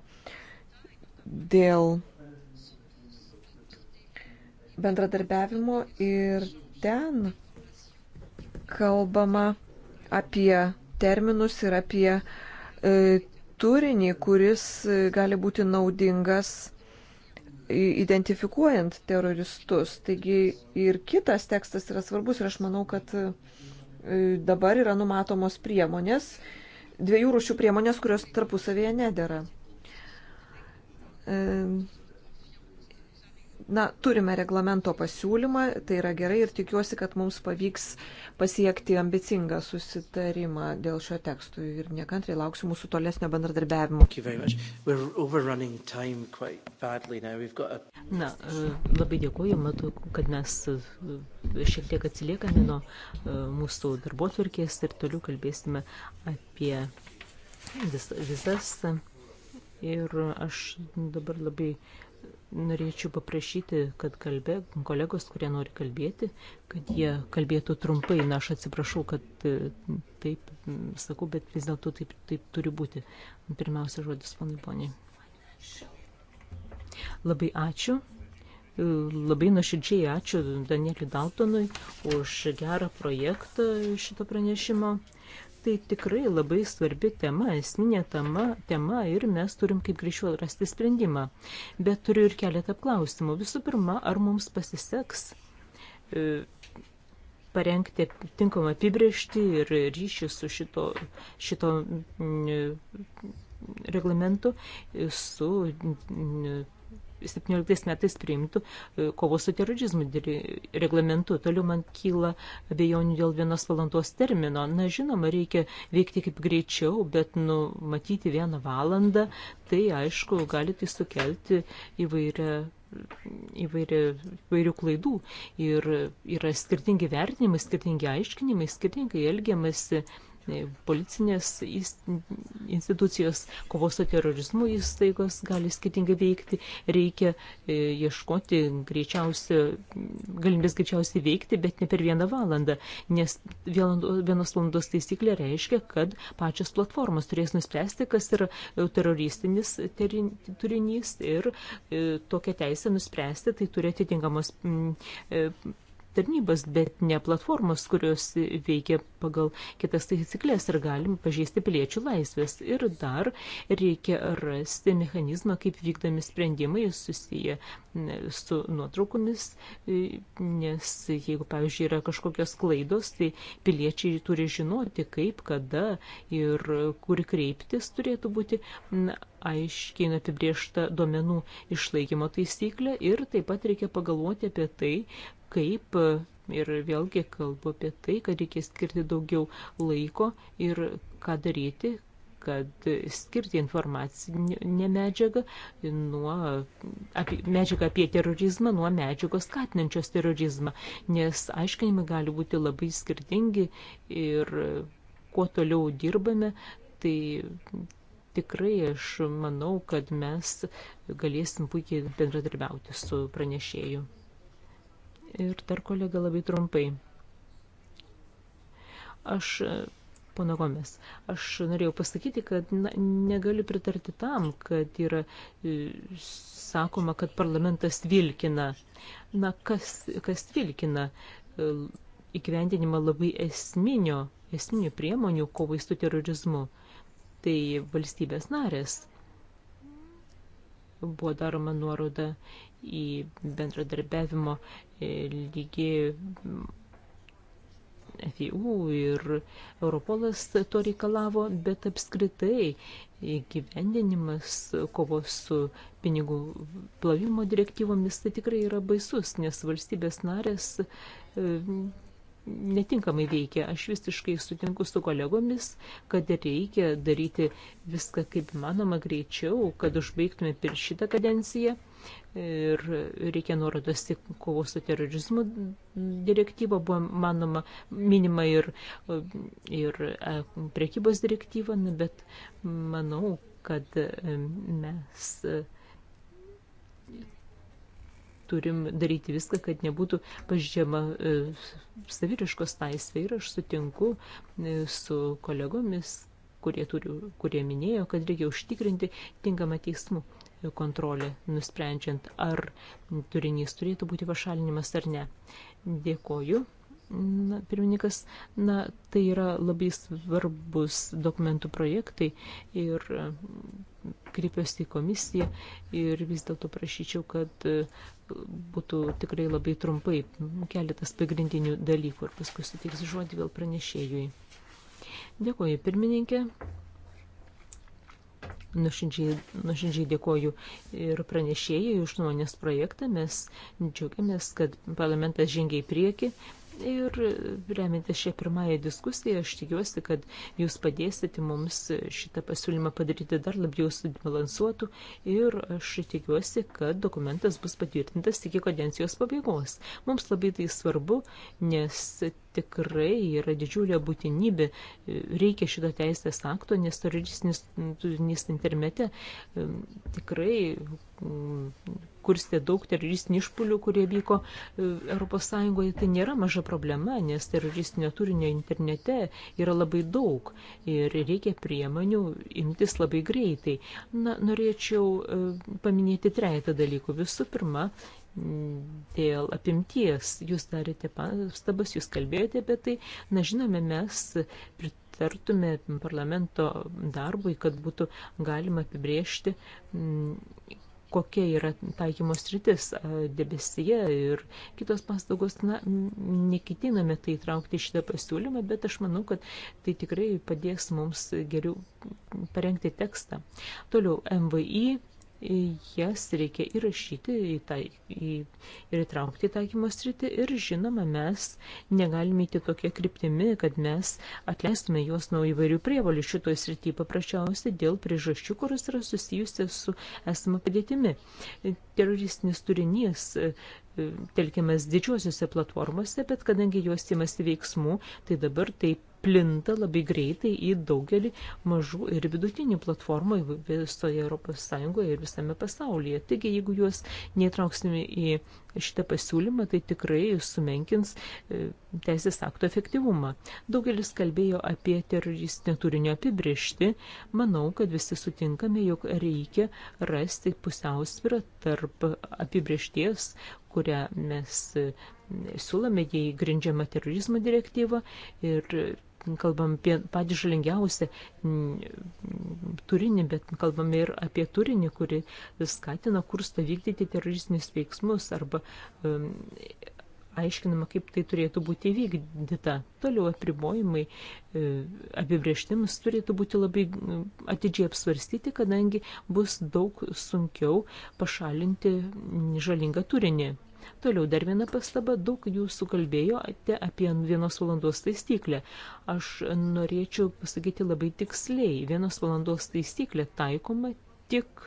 dėl bendradarbiavimo ir ten kalbama apie terminus ir apie e, turinį, kuris e, gali būti naudingas identifikuojant teroristus. Taigi ir kitas tekstas yra svarbus ir aš manau, kad e, dabar yra numatomos priemonės, dviejų rūšių priemonės, kurios tarpusavėje nedėra. E, Na, turime reglamento pasiūlymą, tai yra gerai ir tikiuosi, kad mums pavyks pasiekti ambicingą susitarimą dėl šio teksto ir nekantriai lauksiu mūsų tolesnio bendradarbiavimo. Na, e, labai dėkuoju, matau, kad mes e, šiek tiek atsiliekame nuo e, mūsų darbo tvarkės ir toliau kalbėsime apie vis, visas. Ir aš dabar labai Norėčiau paprašyti, kad kalbė, kolegos, kurie nori kalbėti, kad jie kalbėtų trumpai. Na, aš atsiprašau, kad e, taip sakau, bet vis dėlto taip, taip turi būti. Pirmiausia, žodis ponui poniai. Labai ačiū. E, labai nuoširdžiai ačiū Danieliu Daltonui už gerą projektą šito pranešimo tai tikrai labai svarbi tema, esminė tema, tema ir mes turim kaip greičiau rasti sprendimą. Bet turiu ir keletą klausimų. Visų pirma, ar mums pasiseks e, parengti tinkamą apibriežtį ir ryšį su šito, šito e, reglamentu, su 17 metais priimtų e, kovos su terorizmu reglamentu. Toliau man kyla abejonių dėl vienos valandos termino. Na, žinoma, reikia veikti kaip greičiau, bet numatyti vieną valandą, tai aišku, gali tai sukelti įvairią įvairia, įvairių klaidų ir yra skirtingi vertinimai, skirtingi aiškinimai, skirtingai elgiamasi. Uh, policinės institucijos, kovos su terorizmu įstaigos gali skirtingai veikti, reikia e, ieškoti greičiausiai, galimybės greičiausiai veikti, bet ne per vieną valandą, nes vienos valandos taisyklė reiškia, kad pačios platformos turės nuspręsti, kas yra e, teroristinis turinys ir e, tokia teisė nuspręsti, tai turi atitinkamos tarnybas, bet ne platformas, kurios veikia pagal kitas taisyklės ir galim pažeisti piliečių laisvės. Ir dar reikia rasti mechanizmą, kaip vykdami sprendimai susiję su nuotraukomis, e, nes jeigu, pavyzdžiui, yra kažkokios klaidos, tai piliečiai turi žinoti, kaip, kada ir kur kreiptis turėtų būti aiškiai apibriešta duomenų išlaikymo taisyklė ir taip pat reikia pagalvoti apie tai, kaip ir vėlgi kalbu apie tai, kad reikia skirti daugiau laiko ir ką daryti, kad skirti informacinę medžiagą nuo apie, medžiagą apie terorizmą nuo medžiagos skatinančios terorizmą, nes aiškinimai gali būti labai skirtingi ir kuo toliau dirbame, tai tikrai aš manau, kad mes galėsim puikiai bendradarbiauti su pranešėju. Ir dar kolega labai trumpai. Aš, pana Gomes, aš norėjau pasakyti, kad na, negaliu pritarti tam, kad yra e, sakoma, kad parlamentas vilkina. Na, kas, kas vilkina e, įgyvendinimą labai esminio, esminių priemonių kovai su terorizmu? Tai valstybės narės buvo daroma nuoroda į bendradarbiavimo e, lygį mm, FIU ir Europolas to reikalavo, bet apskritai gyvendinimas kovos su pinigų plovimo direktyvomis tai tikrai yra baisus, nes valstybės narės e, netinkamai veikia. Aš visiškai sutinku su kolegomis, kad reikia daryti viską kaip manoma greičiau, kad užbaigtume per šitą kadenciją ir reikia nuorodos į kovos su terorizmu direktyvą, buvo manoma, minima ir, ir e, prekybos direktyva, nu, bet manau, kad e, mes e, turim daryti viską, kad nebūtų pažydžiama saviriškos laisvė ir aš sutinku su kolegomis, kurie, turi, kurie minėjo, kad reikia užtikrinti tinkamą teismų kontrolė, nusprendžiant, ar turinys turėtų būti pašalinimas ar ne. Dėkoju. Na, pirmininkas, na, tai yra labai svarbus dokumentų projektai ir e, kreipiuosi į komisiją ir vis dėlto prašyčiau, kad e, būtų tikrai labai trumpai keletas pagrindinių dalykų ir paskui sutiks žodį vėl pranešėjui. Dėkoju, pirmininkė. Nušinčiai dėkoju ir pranešėjai už nuomonės projektą. Mes džiaugiamės, kad parlamentas žengia į priekį Ir remintis šią pirmąją diskusiją, aš tikiuosi, kad jūs padėsite mums šitą pasiūlymą padaryti dar labiau subalansuotų ir aš tikiuosi, kad dokumentas bus patvirtintas iki kadencijos pabaigos. Mums labai tai svarbu, nes tikrai yra didžiulė būtinybė, reikia šito teisės akto, nes teroristinis internete um, tikrai um, kurstė daug teroristinių išpulių, kurie vyko ES, tai nėra maža problema, nes teroristinio turinio internete yra labai daug ir reikia priemonių imtis labai greitai. Na, norėčiau e, paminėti trejata dalykų. Visų pirma, dėl apimties. Jūs darėte pastabas, jūs kalbėjote apie tai. Na, žinome, mes pritartume parlamento darbui, kad būtų galima apibriežti kokia yra taikymos rytis debesyje ir kitos paslaugos. Na, nekitiname tai traukti šitą pasiūlymą, bet aš manau, kad tai tikrai padės mums geriau parengti tekstą. Toliau, MVI jas reikia įrašyti į tai, į, ir įtraukti į taikymo sritį ir žinoma, mes negalime įti tokia kryptimi, kad mes atleistume juos nuo įvairių prievalių šitoje srityje paprasčiausiai dėl priežasčių, kurios yra susijusi su esama padėtimi. Teroristinis turinys telkiamas didžiuosiuose platformose, bet kadangi juos įmasi veiksmų, tai dabar tai plinta labai greitai į daugelį mažų ir vidutinių platformų visoje Europos Sąjungoje ir visame pasaulyje. Taigi, jeigu juos neįtrauksime į šitą pasiūlymą, tai tikrai sumenkins e, teisės akto efektyvumą. Daugelis kalbėjo apie teroristinio turinio apibriešti. Manau, kad visi sutinkame, jog reikia rasti pusiausvyrą tarp apibriešties, kurią mes e, siūlome, jei grindžiama terorizmo direktyva ir kalbam apie patį žalingiausią turinį, bet kalbam ir apie turinį, kuri skatina kursto vykdyti teroristinius veiksmus arba um, aiškinama, kaip tai turėtų būti įvykdyta. Toliau apribojimai e, apibrieštims turėtų būti labai atidžiai apsvarstyti, kadangi bus daug sunkiau pašalinti žalingą turinį. Toliau dar viena pastaba, daug jūsų kalbėjote apie vienos valandos taisyklę. Aš norėčiau pasakyti labai tiksliai, vienos valandos taisyklė taikoma tik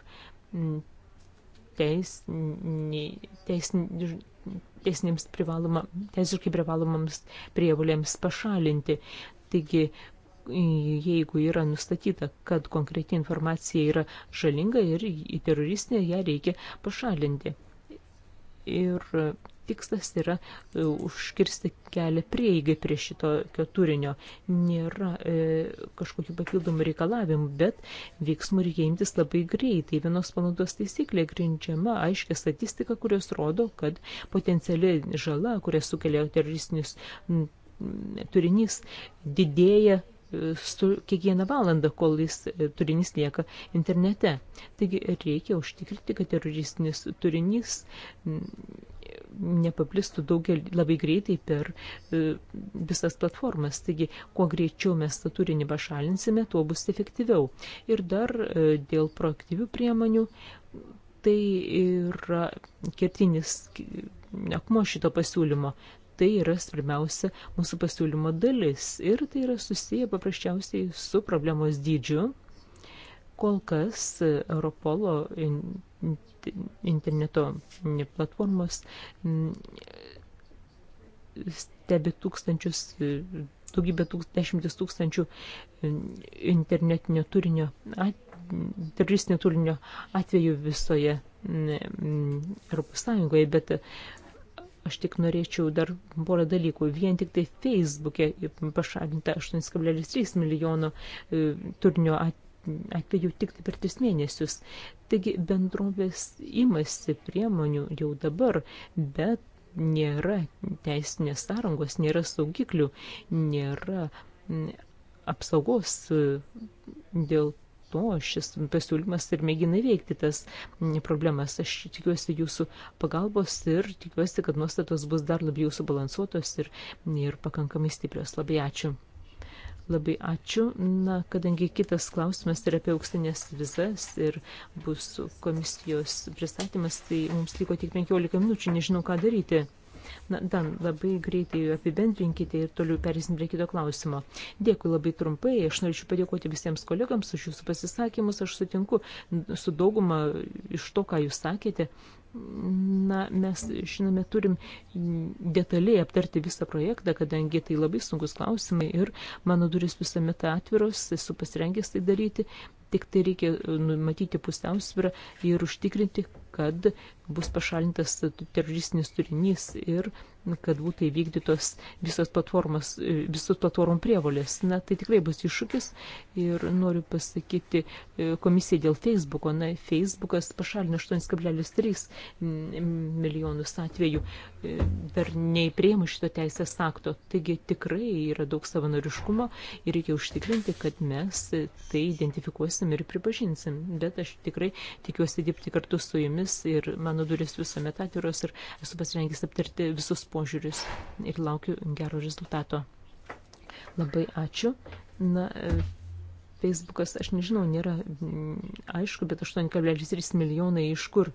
teisni, mm, teisni, teisinėms privaloma, teisiškai privalomams prievolėms pašalinti. Taigi, jeigu yra nustatyta, kad konkreti informacija yra žalinga ir į teroristinę ją reikia pašalinti ir e, tikslas yra e, užkirsti kelią prieigai prie šitokio turinio. Nėra e, kažkokių papildomų reikalavimų, bet veiksmų reikia imtis labai greitai. Vienos panaudos taisyklė grindžiama aiškia statistika, kurios rodo, kad potenciali žala, kurią sukelia teroristinis turinys, didėja kiekvieną valandą, kol jis e, turinys lieka internete. Taigi reikia užtikrinti, kad teroristinis turinys nepaplistų daugelį labai greitai per e, visas platformas. Taigi, kuo greičiau mes tą turinį pašalinsime, tuo bus efektyviau. Ir dar e, dėl proaktyvių priemonių, tai yra kertinis akmo šito pasiūlymo tai yra svarbiausia mūsų pasiūlymo dalis ir tai yra susiję paprasčiausiai su problemos dydžiu. Kol kas Europolo interneto platformos mm, stebi tūkstančius, daugybę tūkst, dešimtis tūkstančių mm, internetinio turinio, teroristinio turinio atveju visoje mm, Europos Sąjungoje, bet Aš tik norėčiau dar porą dalykų. Vien tik tai Facebook'e pašalinta 8,3 milijono e, turinio atveju tik tai per tris mėnesius. Taigi bendrovės imasi priemonių jau dabar, bet nėra teisinės sąrangos, nėra saugiklių, nėra apsaugos e, dėl to šis pasiūlymas ir mėgina veikti tas mm, problemas. Aš tikiuosi jūsų pagalbos ir tikiuosi, kad nuostatos bus dar labiau subalansuotos ir, ir pakankamai stiprios. Labai ačiū. Labai ačiū. Na, kadangi kitas klausimas yra apie auksinės vizas ir bus komisijos pristatymas, tai mums liko tik 15 minučių, nežinau ką daryti. Na, Dan, labai greitai apibendrinkite ir toliau perėsim prie kito klausimo. Dėkui labai trumpai, aš norėčiau padėkoti visiems kolegams už jūsų pasisakymus, aš sutinku su dauguma iš to, ką jūs sakėte. Na, mes, žinome, turim detaliai aptarti visą projektą, kadangi tai labai sunkus klausimai ir mano duris visuomet atviros, esu pasirengęs tai daryti, tik tai reikia numatyti pusiausvyrą ir užtikrinti, kad bus pašalintas teroristinis turinys ir kad būtų įvykdytos visos platformos, visos platformų prievolės. Na, tai tikrai bus iššūkis ir noriu pasakyti e, komisijai dėl Facebooko. Na, Facebookas pašalino 8,3 mm, milijonus atvejų, e, dar neįpreimu šito teisės akto. Taigi tikrai yra daug savanoriškumo ir reikia užtikrinti, kad mes tai identifikuosim ir pripažinsim. Bet aš tikrai tikiuosi dirbti kartu su jumis ir mano mano duris visuomet atviros ir esu pasirengęs aptarti visus požiūrius ir laukiu gero rezultato. Labai ačiū. Na, Facebookas, aš nežinau, nėra mm, aišku, bet 8,3 milijonai iš kur.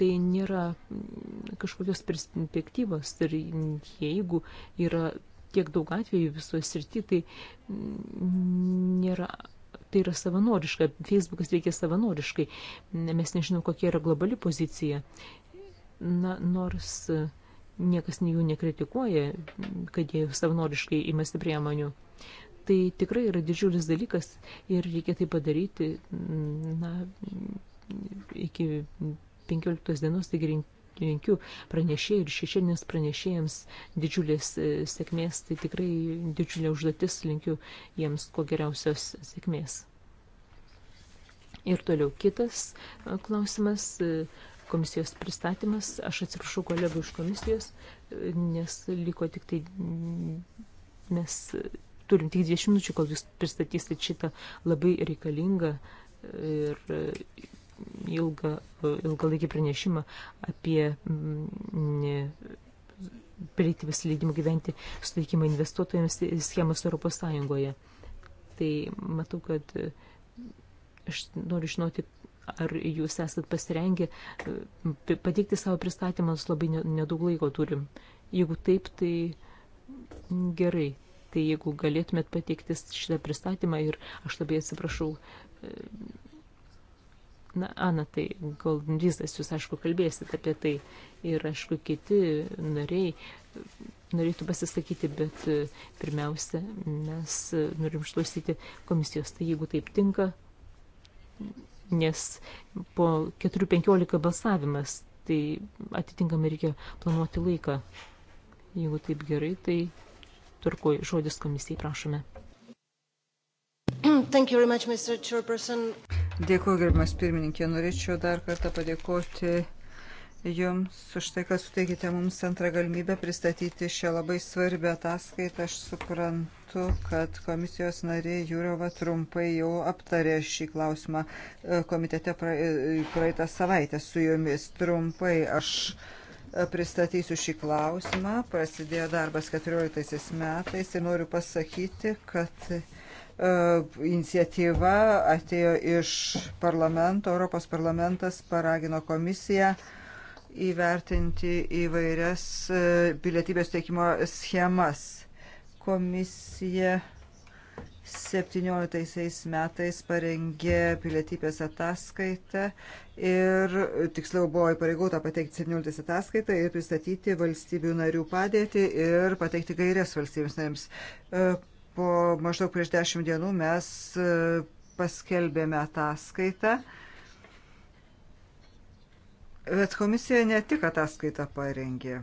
Tai nėra mm, kažkokios perspektyvos ir jeigu yra tiek daug atvejų visoje srity, tai mm, nėra tai yra savanoriška, Facebookas veikia savanoriškai, mes nežinom, kokia yra globali pozicija. Na, nors e, niekas jų nekritikuoja, kad jie savanoriškai imasi priemonių. Tai tikrai yra didžiulis dalykas ir reikia tai padaryti na, iki 15 dienos, taigi linkiu pranešėjai ir šešėlinės pranešėjams didžiulės e, sėkmės, tai tikrai didžiulė užduotis, linkiu jiems kuo geriausios sėkmės. Ir toliau kitas e, klausimas, e, komisijos pristatymas. Aš atsiprašau kolegų iš komisijos, nes liko tik tai mes turim tik 20 minučių, kol jūs pristatysit šitą labai reikalingą ir ilgą, ilgalaikį pranešimą apie mm, prekybės leidimų gyventi suteikimą investuotojams schemas Europos Sąjungoje. Tai matau, kad e, aš noriu žinoti, ar jūs esat pasirengę e, pateikti savo pristatymą, nors labai nedaug laiko turim. Jeigu taip, tai gerai. Tai jeigu galėtumėt pateikti šitą pristatymą ir aš labai atsiprašau e, Na, Ana, tai gal visas jūs, aišku, kalbėsit apie tai ir, aišku, kiti nariai norėtų pasisakyti, bet e, pirmiausia, mes e, norim išklausyti komisijos, tai jeigu taip tinka, nes po 4.15 balsavimas, tai atitinkamai reikia planuoti laiką. Jeigu taip gerai, tai turkoj žodis komisijai prašome. Thank you very much, Mr. Chairperson. Dėkuoju, gerbimas pirmininkė. Norėčiau dar kartą padėkoti Jums už tai, kad suteikite mums antrą galimybę pristatyti šią labai svarbią ataskaitą. Aš suprantu, kad komisijos narė Jūrova trumpai jau aptarė šį klausimą e, komitete e, praeitą savaitę su Jumis. Trumpai aš e, pristatysiu šį klausimą. Prasidėjo darbas 14 metais ir noriu pasakyti, kad E, iniciatyva atėjo iš parlamento, Europos parlamentas paragino komisiją įvertinti įvairias e, pilietybės teikimo schemas. Komisija 17 metais parengė pilietybės ataskaitą ir tiksliau buvo įpareigota pateikti 17 ataskaitą ir pristatyti valstybių narių padėtį ir pateikti gairias valstybėms narėms e, po maždaug prieš dešimt dienų mes e, paskelbėme ataskaitą. Bet komisija ne tik ataskaitą parengė.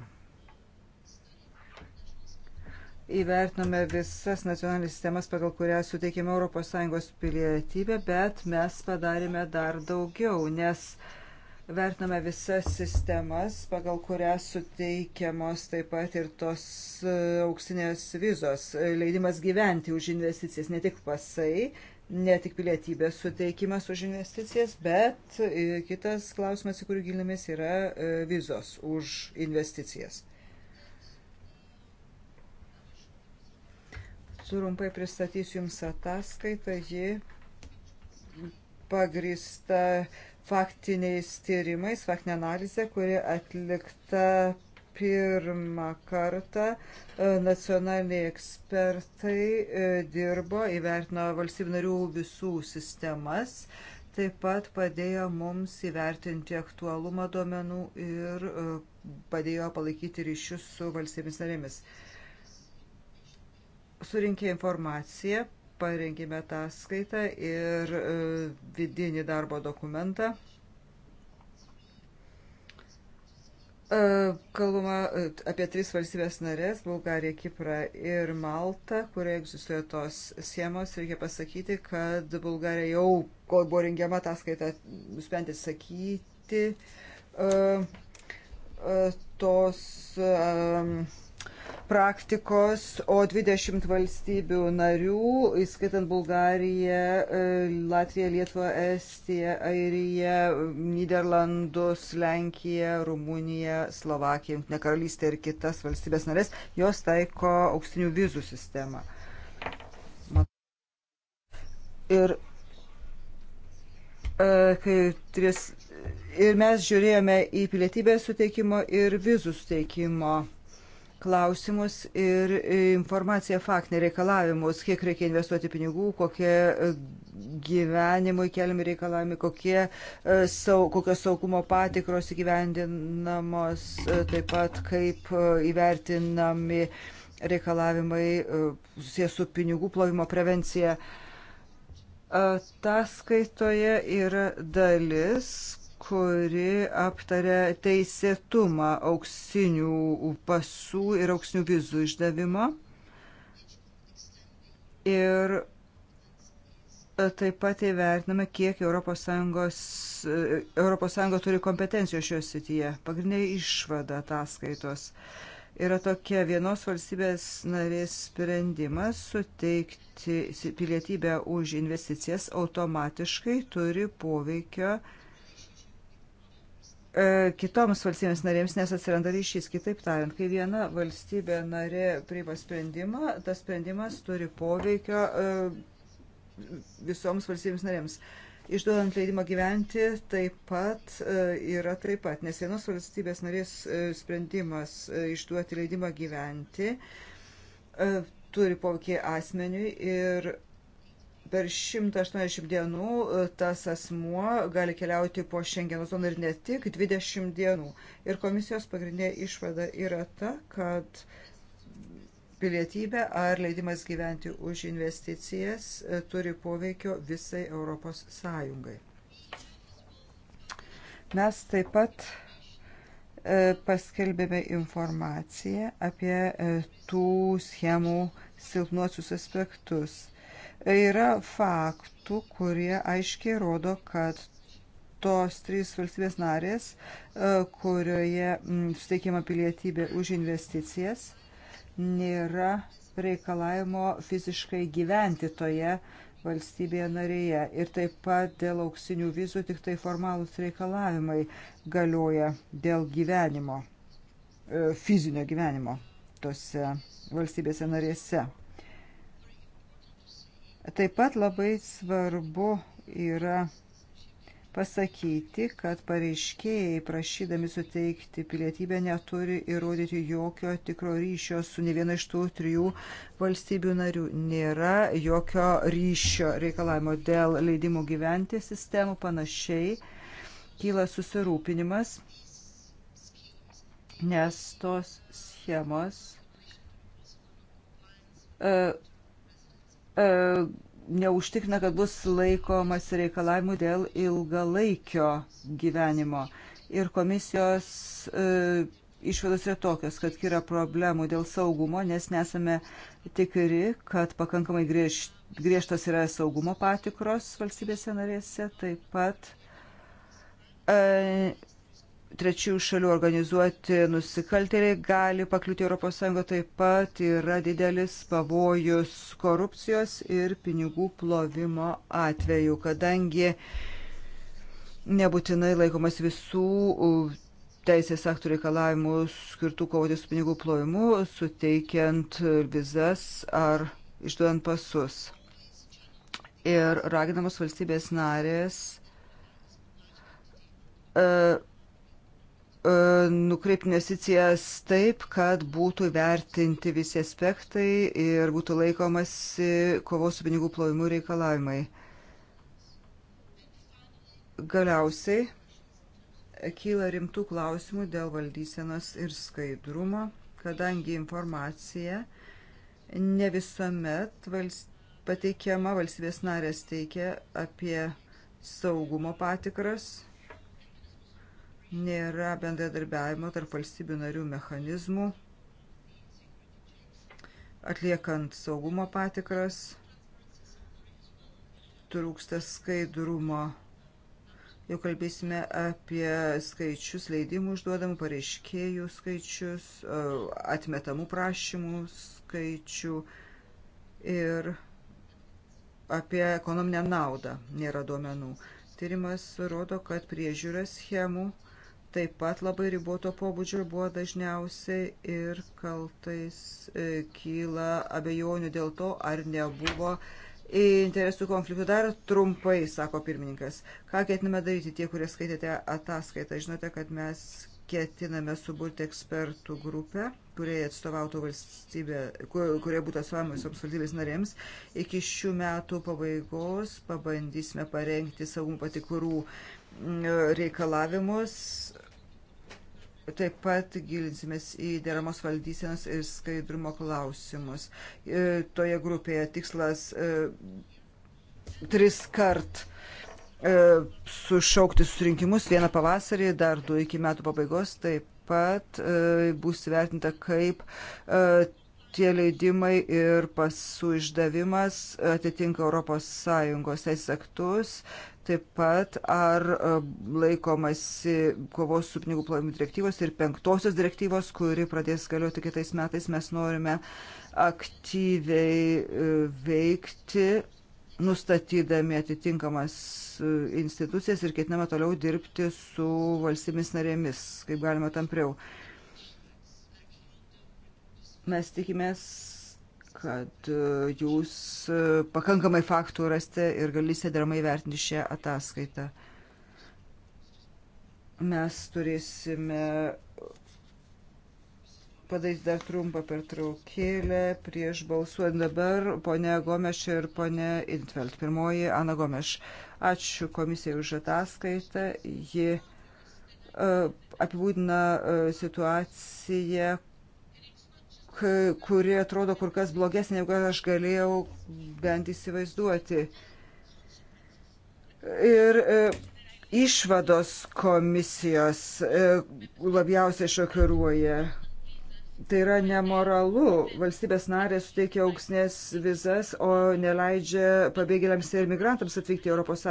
Įvertinome visas nacionalinės sistemas, pagal kurią suteikėme ES pilietybę, bet mes padarėme dar daugiau, nes uh, vertiname visas sistemas, pagal kurias suteikiamos taip pat ir tos e, auksinės vizos, leidimas gyventi už investicijas, ne tik pasai, ne tik pilietybės suteikimas už investicijas, bet e, kitas klausimas, į kurį gilinamės, yra e, vizos už investicijas. Trumpai pristatysiu Jums ataskaitą, ji pagrįsta faktiniais tyrimais, faktinė analizė, kuri atlikta pirmą kartą. E, nacionaliniai ekspertai e, dirbo, įvertino valstybių narių visų sistemas taip pat padėjo mums įvertinti aktualumą duomenų ir e, padėjo palaikyti ryšius su valstybės narėmis. Surinkė informaciją, parengėme tą skaitą ir e, vidinį darbo dokumentą. E, kalbama e, apie tris valstybės narės - Bulgariją, Kiprą ir Maltą, kurioje egzistuoja tos schemos. Reikia pasakyti, kad Bulgarija jau, kol buvo rengiama ta skaita, nusprendė sakyti tos praktikos, o 20 valstybių narių, įskaitant Bulgariją, e, Latviją, Lietuvą, Estiją, Airiją, Niderlandus, Lenkiją, Rumuniją, Slovakiją, Junktinę karalystę ir kitas valstybės narės, jos taiko auksinių vizų sistemą. Ir e, kai tris, ir mes žiūrėjome į pilietybės suteikimo ir vizų suteikimo klausimus ir e, informaciją faktinį reikalavimus, kiek reikia investuoti pinigų, kokie e, gyvenimui keliami reikalavimai, kokie, e, sau, kokios saugumo patikros įgyvendinamos, taip pat kaip įvertinami reikalavimai susijęs su pinigų plovimo prevencija. Ta skaitoje yra dalis, kuri aptarė teisėtumą auksinių pasų ir auksinių vizų išdavimo. Ir e, taip pat įvertiname, kiek ES, ES turi kompetencijos šioje srityje. Pagrindinė išvada ataskaitos yra tokia vienos valstybės narės sprendimas suteikti pilietybę už investicijas automatiškai turi poveikio uh, E, kitoms valstybėms narėms, nes atsiranda ryšys. Kitaip tariant, kai viena valstybė narė priima sprendimą, tas sprendimas turi poveikio e, visoms valstybėms narėms. Išduodant leidimą gyventi taip pat e, yra taip pat, nes vienos valstybės narės sprendimas išduoti leidimą gyventi turi poveikį asmeniui ir per 180 dienų e, tas asmuo gali keliauti po Šengeno zoną ir ne tik 20 dienų. Ir komisijos pagrindinė išvada yra ta, kad pilietybė ar leidimas gyventi už investicijas e, turi poveikio visai Europos Sąjungai. Mes taip pat e, paskelbėme informaciją apie tų schemų silpnuosius aspektus – Yra faktų, kurie aiškiai rodo, kad tos trys valstybės narės, e, kurioje mm, suteikiama pilietybė už investicijas, nėra reikalavimo fiziškai gyventi toje valstybėje narėje. Ir taip pat dėl auksinių vizų tik tai formalūs reikalavimai galioja dėl gyvenimo, e, fizinio gyvenimo tose valstybėse narėse. Taip pat labai svarbu yra pasakyti, kad pareiškėjai prašydami suteikti pilietybę neturi įrodyti jokio tikro ryšio su ne viena iš tų trijų valstybių narių. Nėra jokio ryšio reikalavimo dėl leidimų gyventi sistemų panašiai. Kyla susirūpinimas, nes tos schemos. Uh, e, E, neužtikrina, kad bus laikomas reikalavimų dėl ilgalaikio gyvenimo. Ir komisijos e, išvados yra tokios, kad yra problemų dėl saugumo, nes nesame tikri, kad pakankamai griež, griežtos yra saugumo patikros valstybėse narėse. Taip pat e, trečiųjų šalių organizuoti nusikaltėliai gali pakliūti ES, taip pat yra didelis pavojus korupcijos ir pinigų plovimo atveju, kadangi nebūtinai laikomas visų teisės aktų reikalavimų skirtų kovoti su pinigų plovimu, suteikiant vizas ar išduodant pasus. Ir raginamos valstybės narės uh, e, E, nukreipti investicijas taip, kad būtų vertinti visi aspektai ir būtų laikomasi kovos su pinigų plovimu reikalavimai. Galiausiai kyla rimtų klausimų dėl valdysenos ir skaidrumo, kadangi informacija ne visuomet valst... pateikiama valstybės narės teikia apie saugumo patikras nėra bendradarbiavimo tarp valstybių narių mechanizmų, atliekant saugumo patikras, trūksta skaidrumo. Jau kalbėsime apie skaičius leidimų užduodamų, pareiškėjų skaičius, e, atmetamų prašymų skaičių ir apie ekonominę naudą nėra duomenų. Tyrimas rodo, kad priežiūra schemų taip pat labai riboto pobūdžio buvo dažniausiai ir kaltais e, kyla abejonių dėl to, ar nebuvo interesų konfliktų. Dar trumpai, sako pirmininkas, ką ketiname daryti tie, kurie skaitėte ataskaitą. Žinote, kad mes ketiname suburti ekspertų grupę, kurie atstovautų valstybę, kurie būtų atstovavimo visoms valdybės narėms. Iki šių metų pabaigos pabandysime parengti saugumų patikrų mm, reikalavimus Taip pat gilinsimės į deramos valdysenos ir skaidrumo klausimus. E, toje grupėje tikslas e, tris kart e, sušaukti susirinkimus, vieną pavasarį, dar du iki metų pabaigos. Taip pat e, bus vertinta, kaip e, tie leidimai ir pasų išdavimas atitinka ES teisės aktus, taip pat ar e, laikomasi kovos su pinigų plovimu direktyvos ir penktosios direktyvos, kuri pradės galioti kitais metais, mes norime aktyviai e, veikti nustatydami atitinkamas e, institucijas ir ketiname toliau dirbti su valstybės narėmis, kaip galima tampriau. Mes tikimės, kad e, jūs e, pakankamai faktų rasite ir galite deramai vertinti šią ataskaitą. Mes turėsime padaryti dar trumpą pertraukėlę prieš balsuojant dabar ponė Gomeš ir ponė Intveld. Pirmoji Ana Gomeš. Ačiū komisijai už ataskaitą. Ji uh, apibūdina uh, situaciją, E, kuri atrodo kur kas blogesnė, negu aš galėjau bent įsivaizduoti. Ir e, išvados komisijos e, labiausiai šokiruoja Tai yra nemoralu. Valstybės narės suteikia auksnės vizas, o neleidžia pabėgėliams ir migrantams atvykti į ES.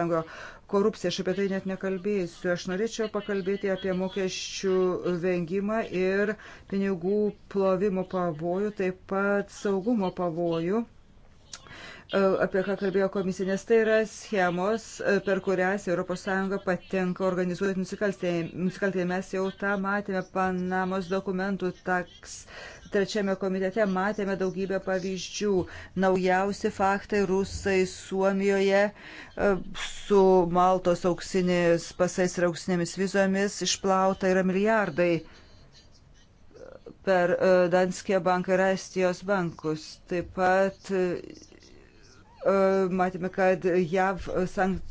Korupcija, aš apie tai net nekalbėsiu. Aš norėčiau pakalbėti apie mokesčių vengimą ir pinigų plovimo pavojų, taip pat saugumo pavojų E, apie ką kalbėjo komisija, nes tai yra schemos, e, per kurias ES patenka organizuoti nusikaltėjai. Mes jau tą matėme Panamos dokumentų taks. Trečiame komitete matėme daugybę pavyzdžių. Naujausi faktai rusai Suomijoje e, su Maltos auksinis pasais ir auksinėmis vizomis išplauta yra milijardai per e, Danskė banką ir Estijos bankus. Taip pat e, matėme, kad JAV sankcijų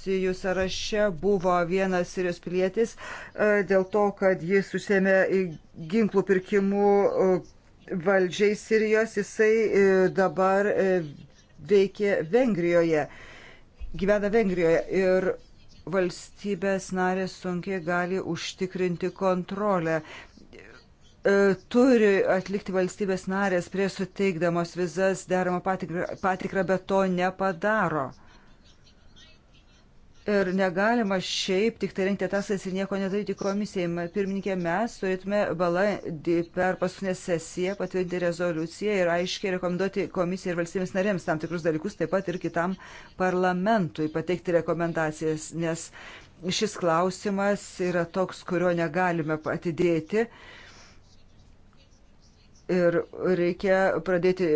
sankcijų sąraše buvo vienas sirijos pilietis e, dėl to, kad jis užsėmė ginklų pirkimų valdžiai Sirijos, jisai dabar veikia Vengrijoje, gyvena Vengrijoje ir valstybės narės sunkiai gali užtikrinti kontrolę. E, turi atlikti valstybės narės prieš suteikdamos vizas deramą patikrą, patikrą, bet to nepadaro. Ir negalima šiaip tik tai rinkti ataskas ir nieko nedaryti komisijai. Pirmininkė, mes turėtume balandį per paskutinę sesiją patvirtinti rezoliuciją ir aiškiai rekomenduoti komisijai ir valstybės narėms tam tikrus dalykus, taip pat ir kitam parlamentui pateikti rekomendacijas, nes šis klausimas yra toks, kurio negalime atidėti. Uh, Ir reikia pradėti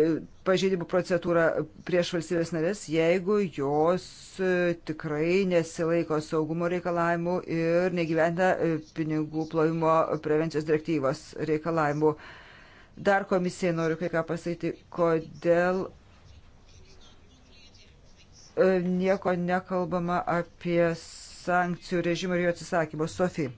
pažeidimų procedūrą prieš valstybės narės, jeigu jos e, tikrai nesilaiko saugumo reikalavimų ir negyvena e, pinigų plovimo prevencijos direktyvos reikalavimų. Dar komisijai noriu kai ką pasakyti, kodėl e, nieko nekalbama apie sankcijų režimą ir jo atsisakymą. Sofija.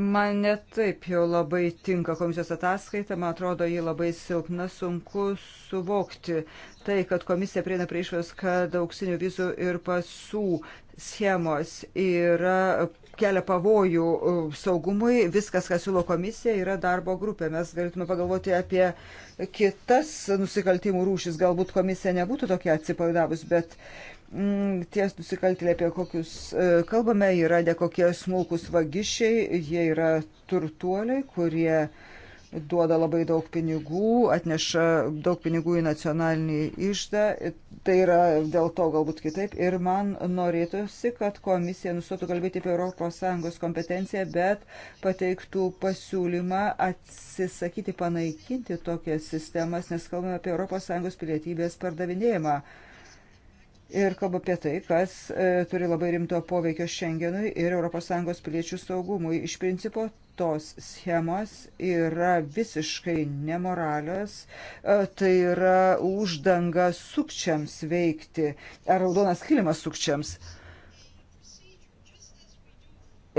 Man netaip jau labai tinka komisijos ataskaita, man atrodo, ji labai silpna, sunku suvokti tai, kad komisija prieina prie išvės, kad auksinių vizų ir pasų schemos yra kelia pavojų e, saugumui. Viskas, ką siūlo komisija, yra darbo grupė. Mes galėtume pagalvoti apie kitas nusikaltimų rūšis. Galbūt komisija nebūtų tokia atsipalaidavus, bet mm, ties nusikaltėliai, apie kokius e, kalbame, yra ne kokie smulkus vagišiai, jie yra turtuoliai, kurie uh, duoda labai daug pinigų, atneša daug pinigų į nacionalinį išdą, tai yra dėl to galbūt kitaip. Ir man norėtųsi, kad komisija nustotų kalbėti apie ES kompetenciją, bet pateiktų pasiūlymą atsisakyti panaikinti tokias sistemas, nes kalbame apie ES pilietybės pardavinėjimą ir kalba apie tai, kas e, turi labai rimto poveikio Šengenui ir ES piliečių saugumui. Iš principo tos schemos yra visiškai nemoralios, e, tai yra uždanga sukčiams veikti, ar raudonas kilimas sukčiams.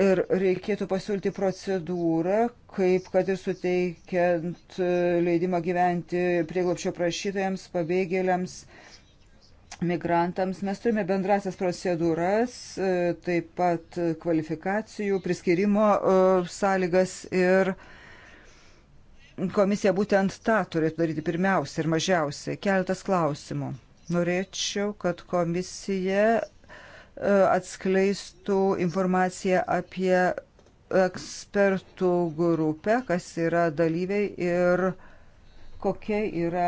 Ir reikėtų pasiūlyti procedūrą, kaip kad ir suteikiant leidimą gyventi prieglopšio prašytojams, pabėgėliams. E, migrantams. Mes turime bendrasias procedūras, e, taip pat kvalifikacijų, priskirimo e, sąlygas ir komisija būtent tą turėtų daryti pirmiausia ir mažiausiai. Keletas klausimų. Norėčiau, kad komisija e, atskleistų informaciją apie ekspertų grupę, kas yra dalyviai ir kokia yra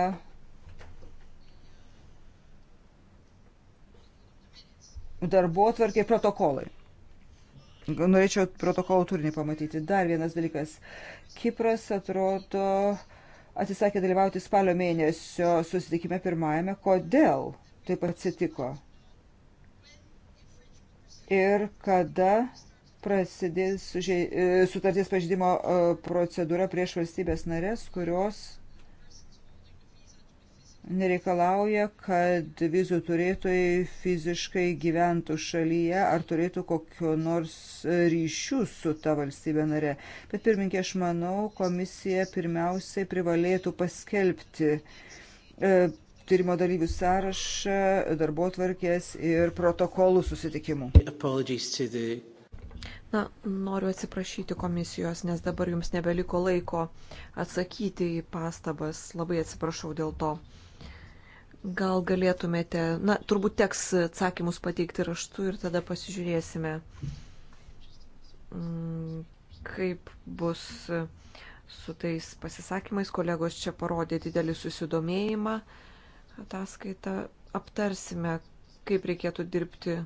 darbo atvarkė protokolai. Norėčiau protokolo turinį pamatyti. Dar vienas dalykas. Kipras atrodo atsisakė dalyvauti spalio mėnesio susitikime pirmajame. Kodėl taip atsitiko? Ir kada prasidės e, sutarties pažydimo e, procedūra prieš valstybės narės, kurios nereikalauja, kad vizų turėtojai fiziškai gyventų šalyje ar turėtų kokio nors ryšių su ta valstybė nare. Bet pirminkė, aš manau, komisija pirmiausiai privalėtų paskelbti e, tyrimo dalyvių sąrašą, darbo tvarkės ir protokolų susitikimų. Na, noriu atsiprašyti komisijos, nes dabar jums nebeliko laiko atsakyti į pastabas. Labai atsiprašau dėl to. Gal galėtumėte, na, turbūt teks atsakymus pateikti raštu ir tada pasižiūrėsime, mm, kaip bus su tais pasisakymais. Kolegos čia parodė didelį susidomėjimą. Ataskaitą aptarsime, kaip reikėtų dirbti.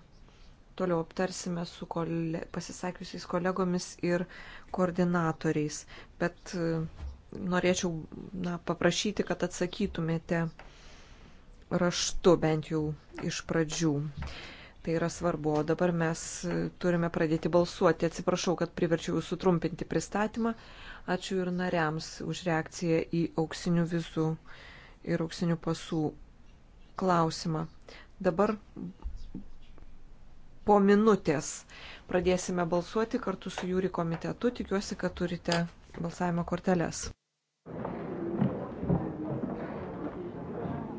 Toliau aptarsime su kole, pasisakiusiais kolegomis ir koordinatoriais. Bet mm, norėčiau na, paprašyti, kad atsakytumėte raštu, bent jau iš pradžių. Tai yra svarbu, o dabar mes turime pradėti balsuoti. Atsiprašau, kad priverčiau jūsų trumpinti pristatymą. Ačiū ir nariams už reakciją į auksinių vizų ir auksinių pasų klausimą. Dabar po minutės pradėsime balsuoti kartu su jūri komitetu. Tikiuosi, kad turite balsavimo korteles. Thank you.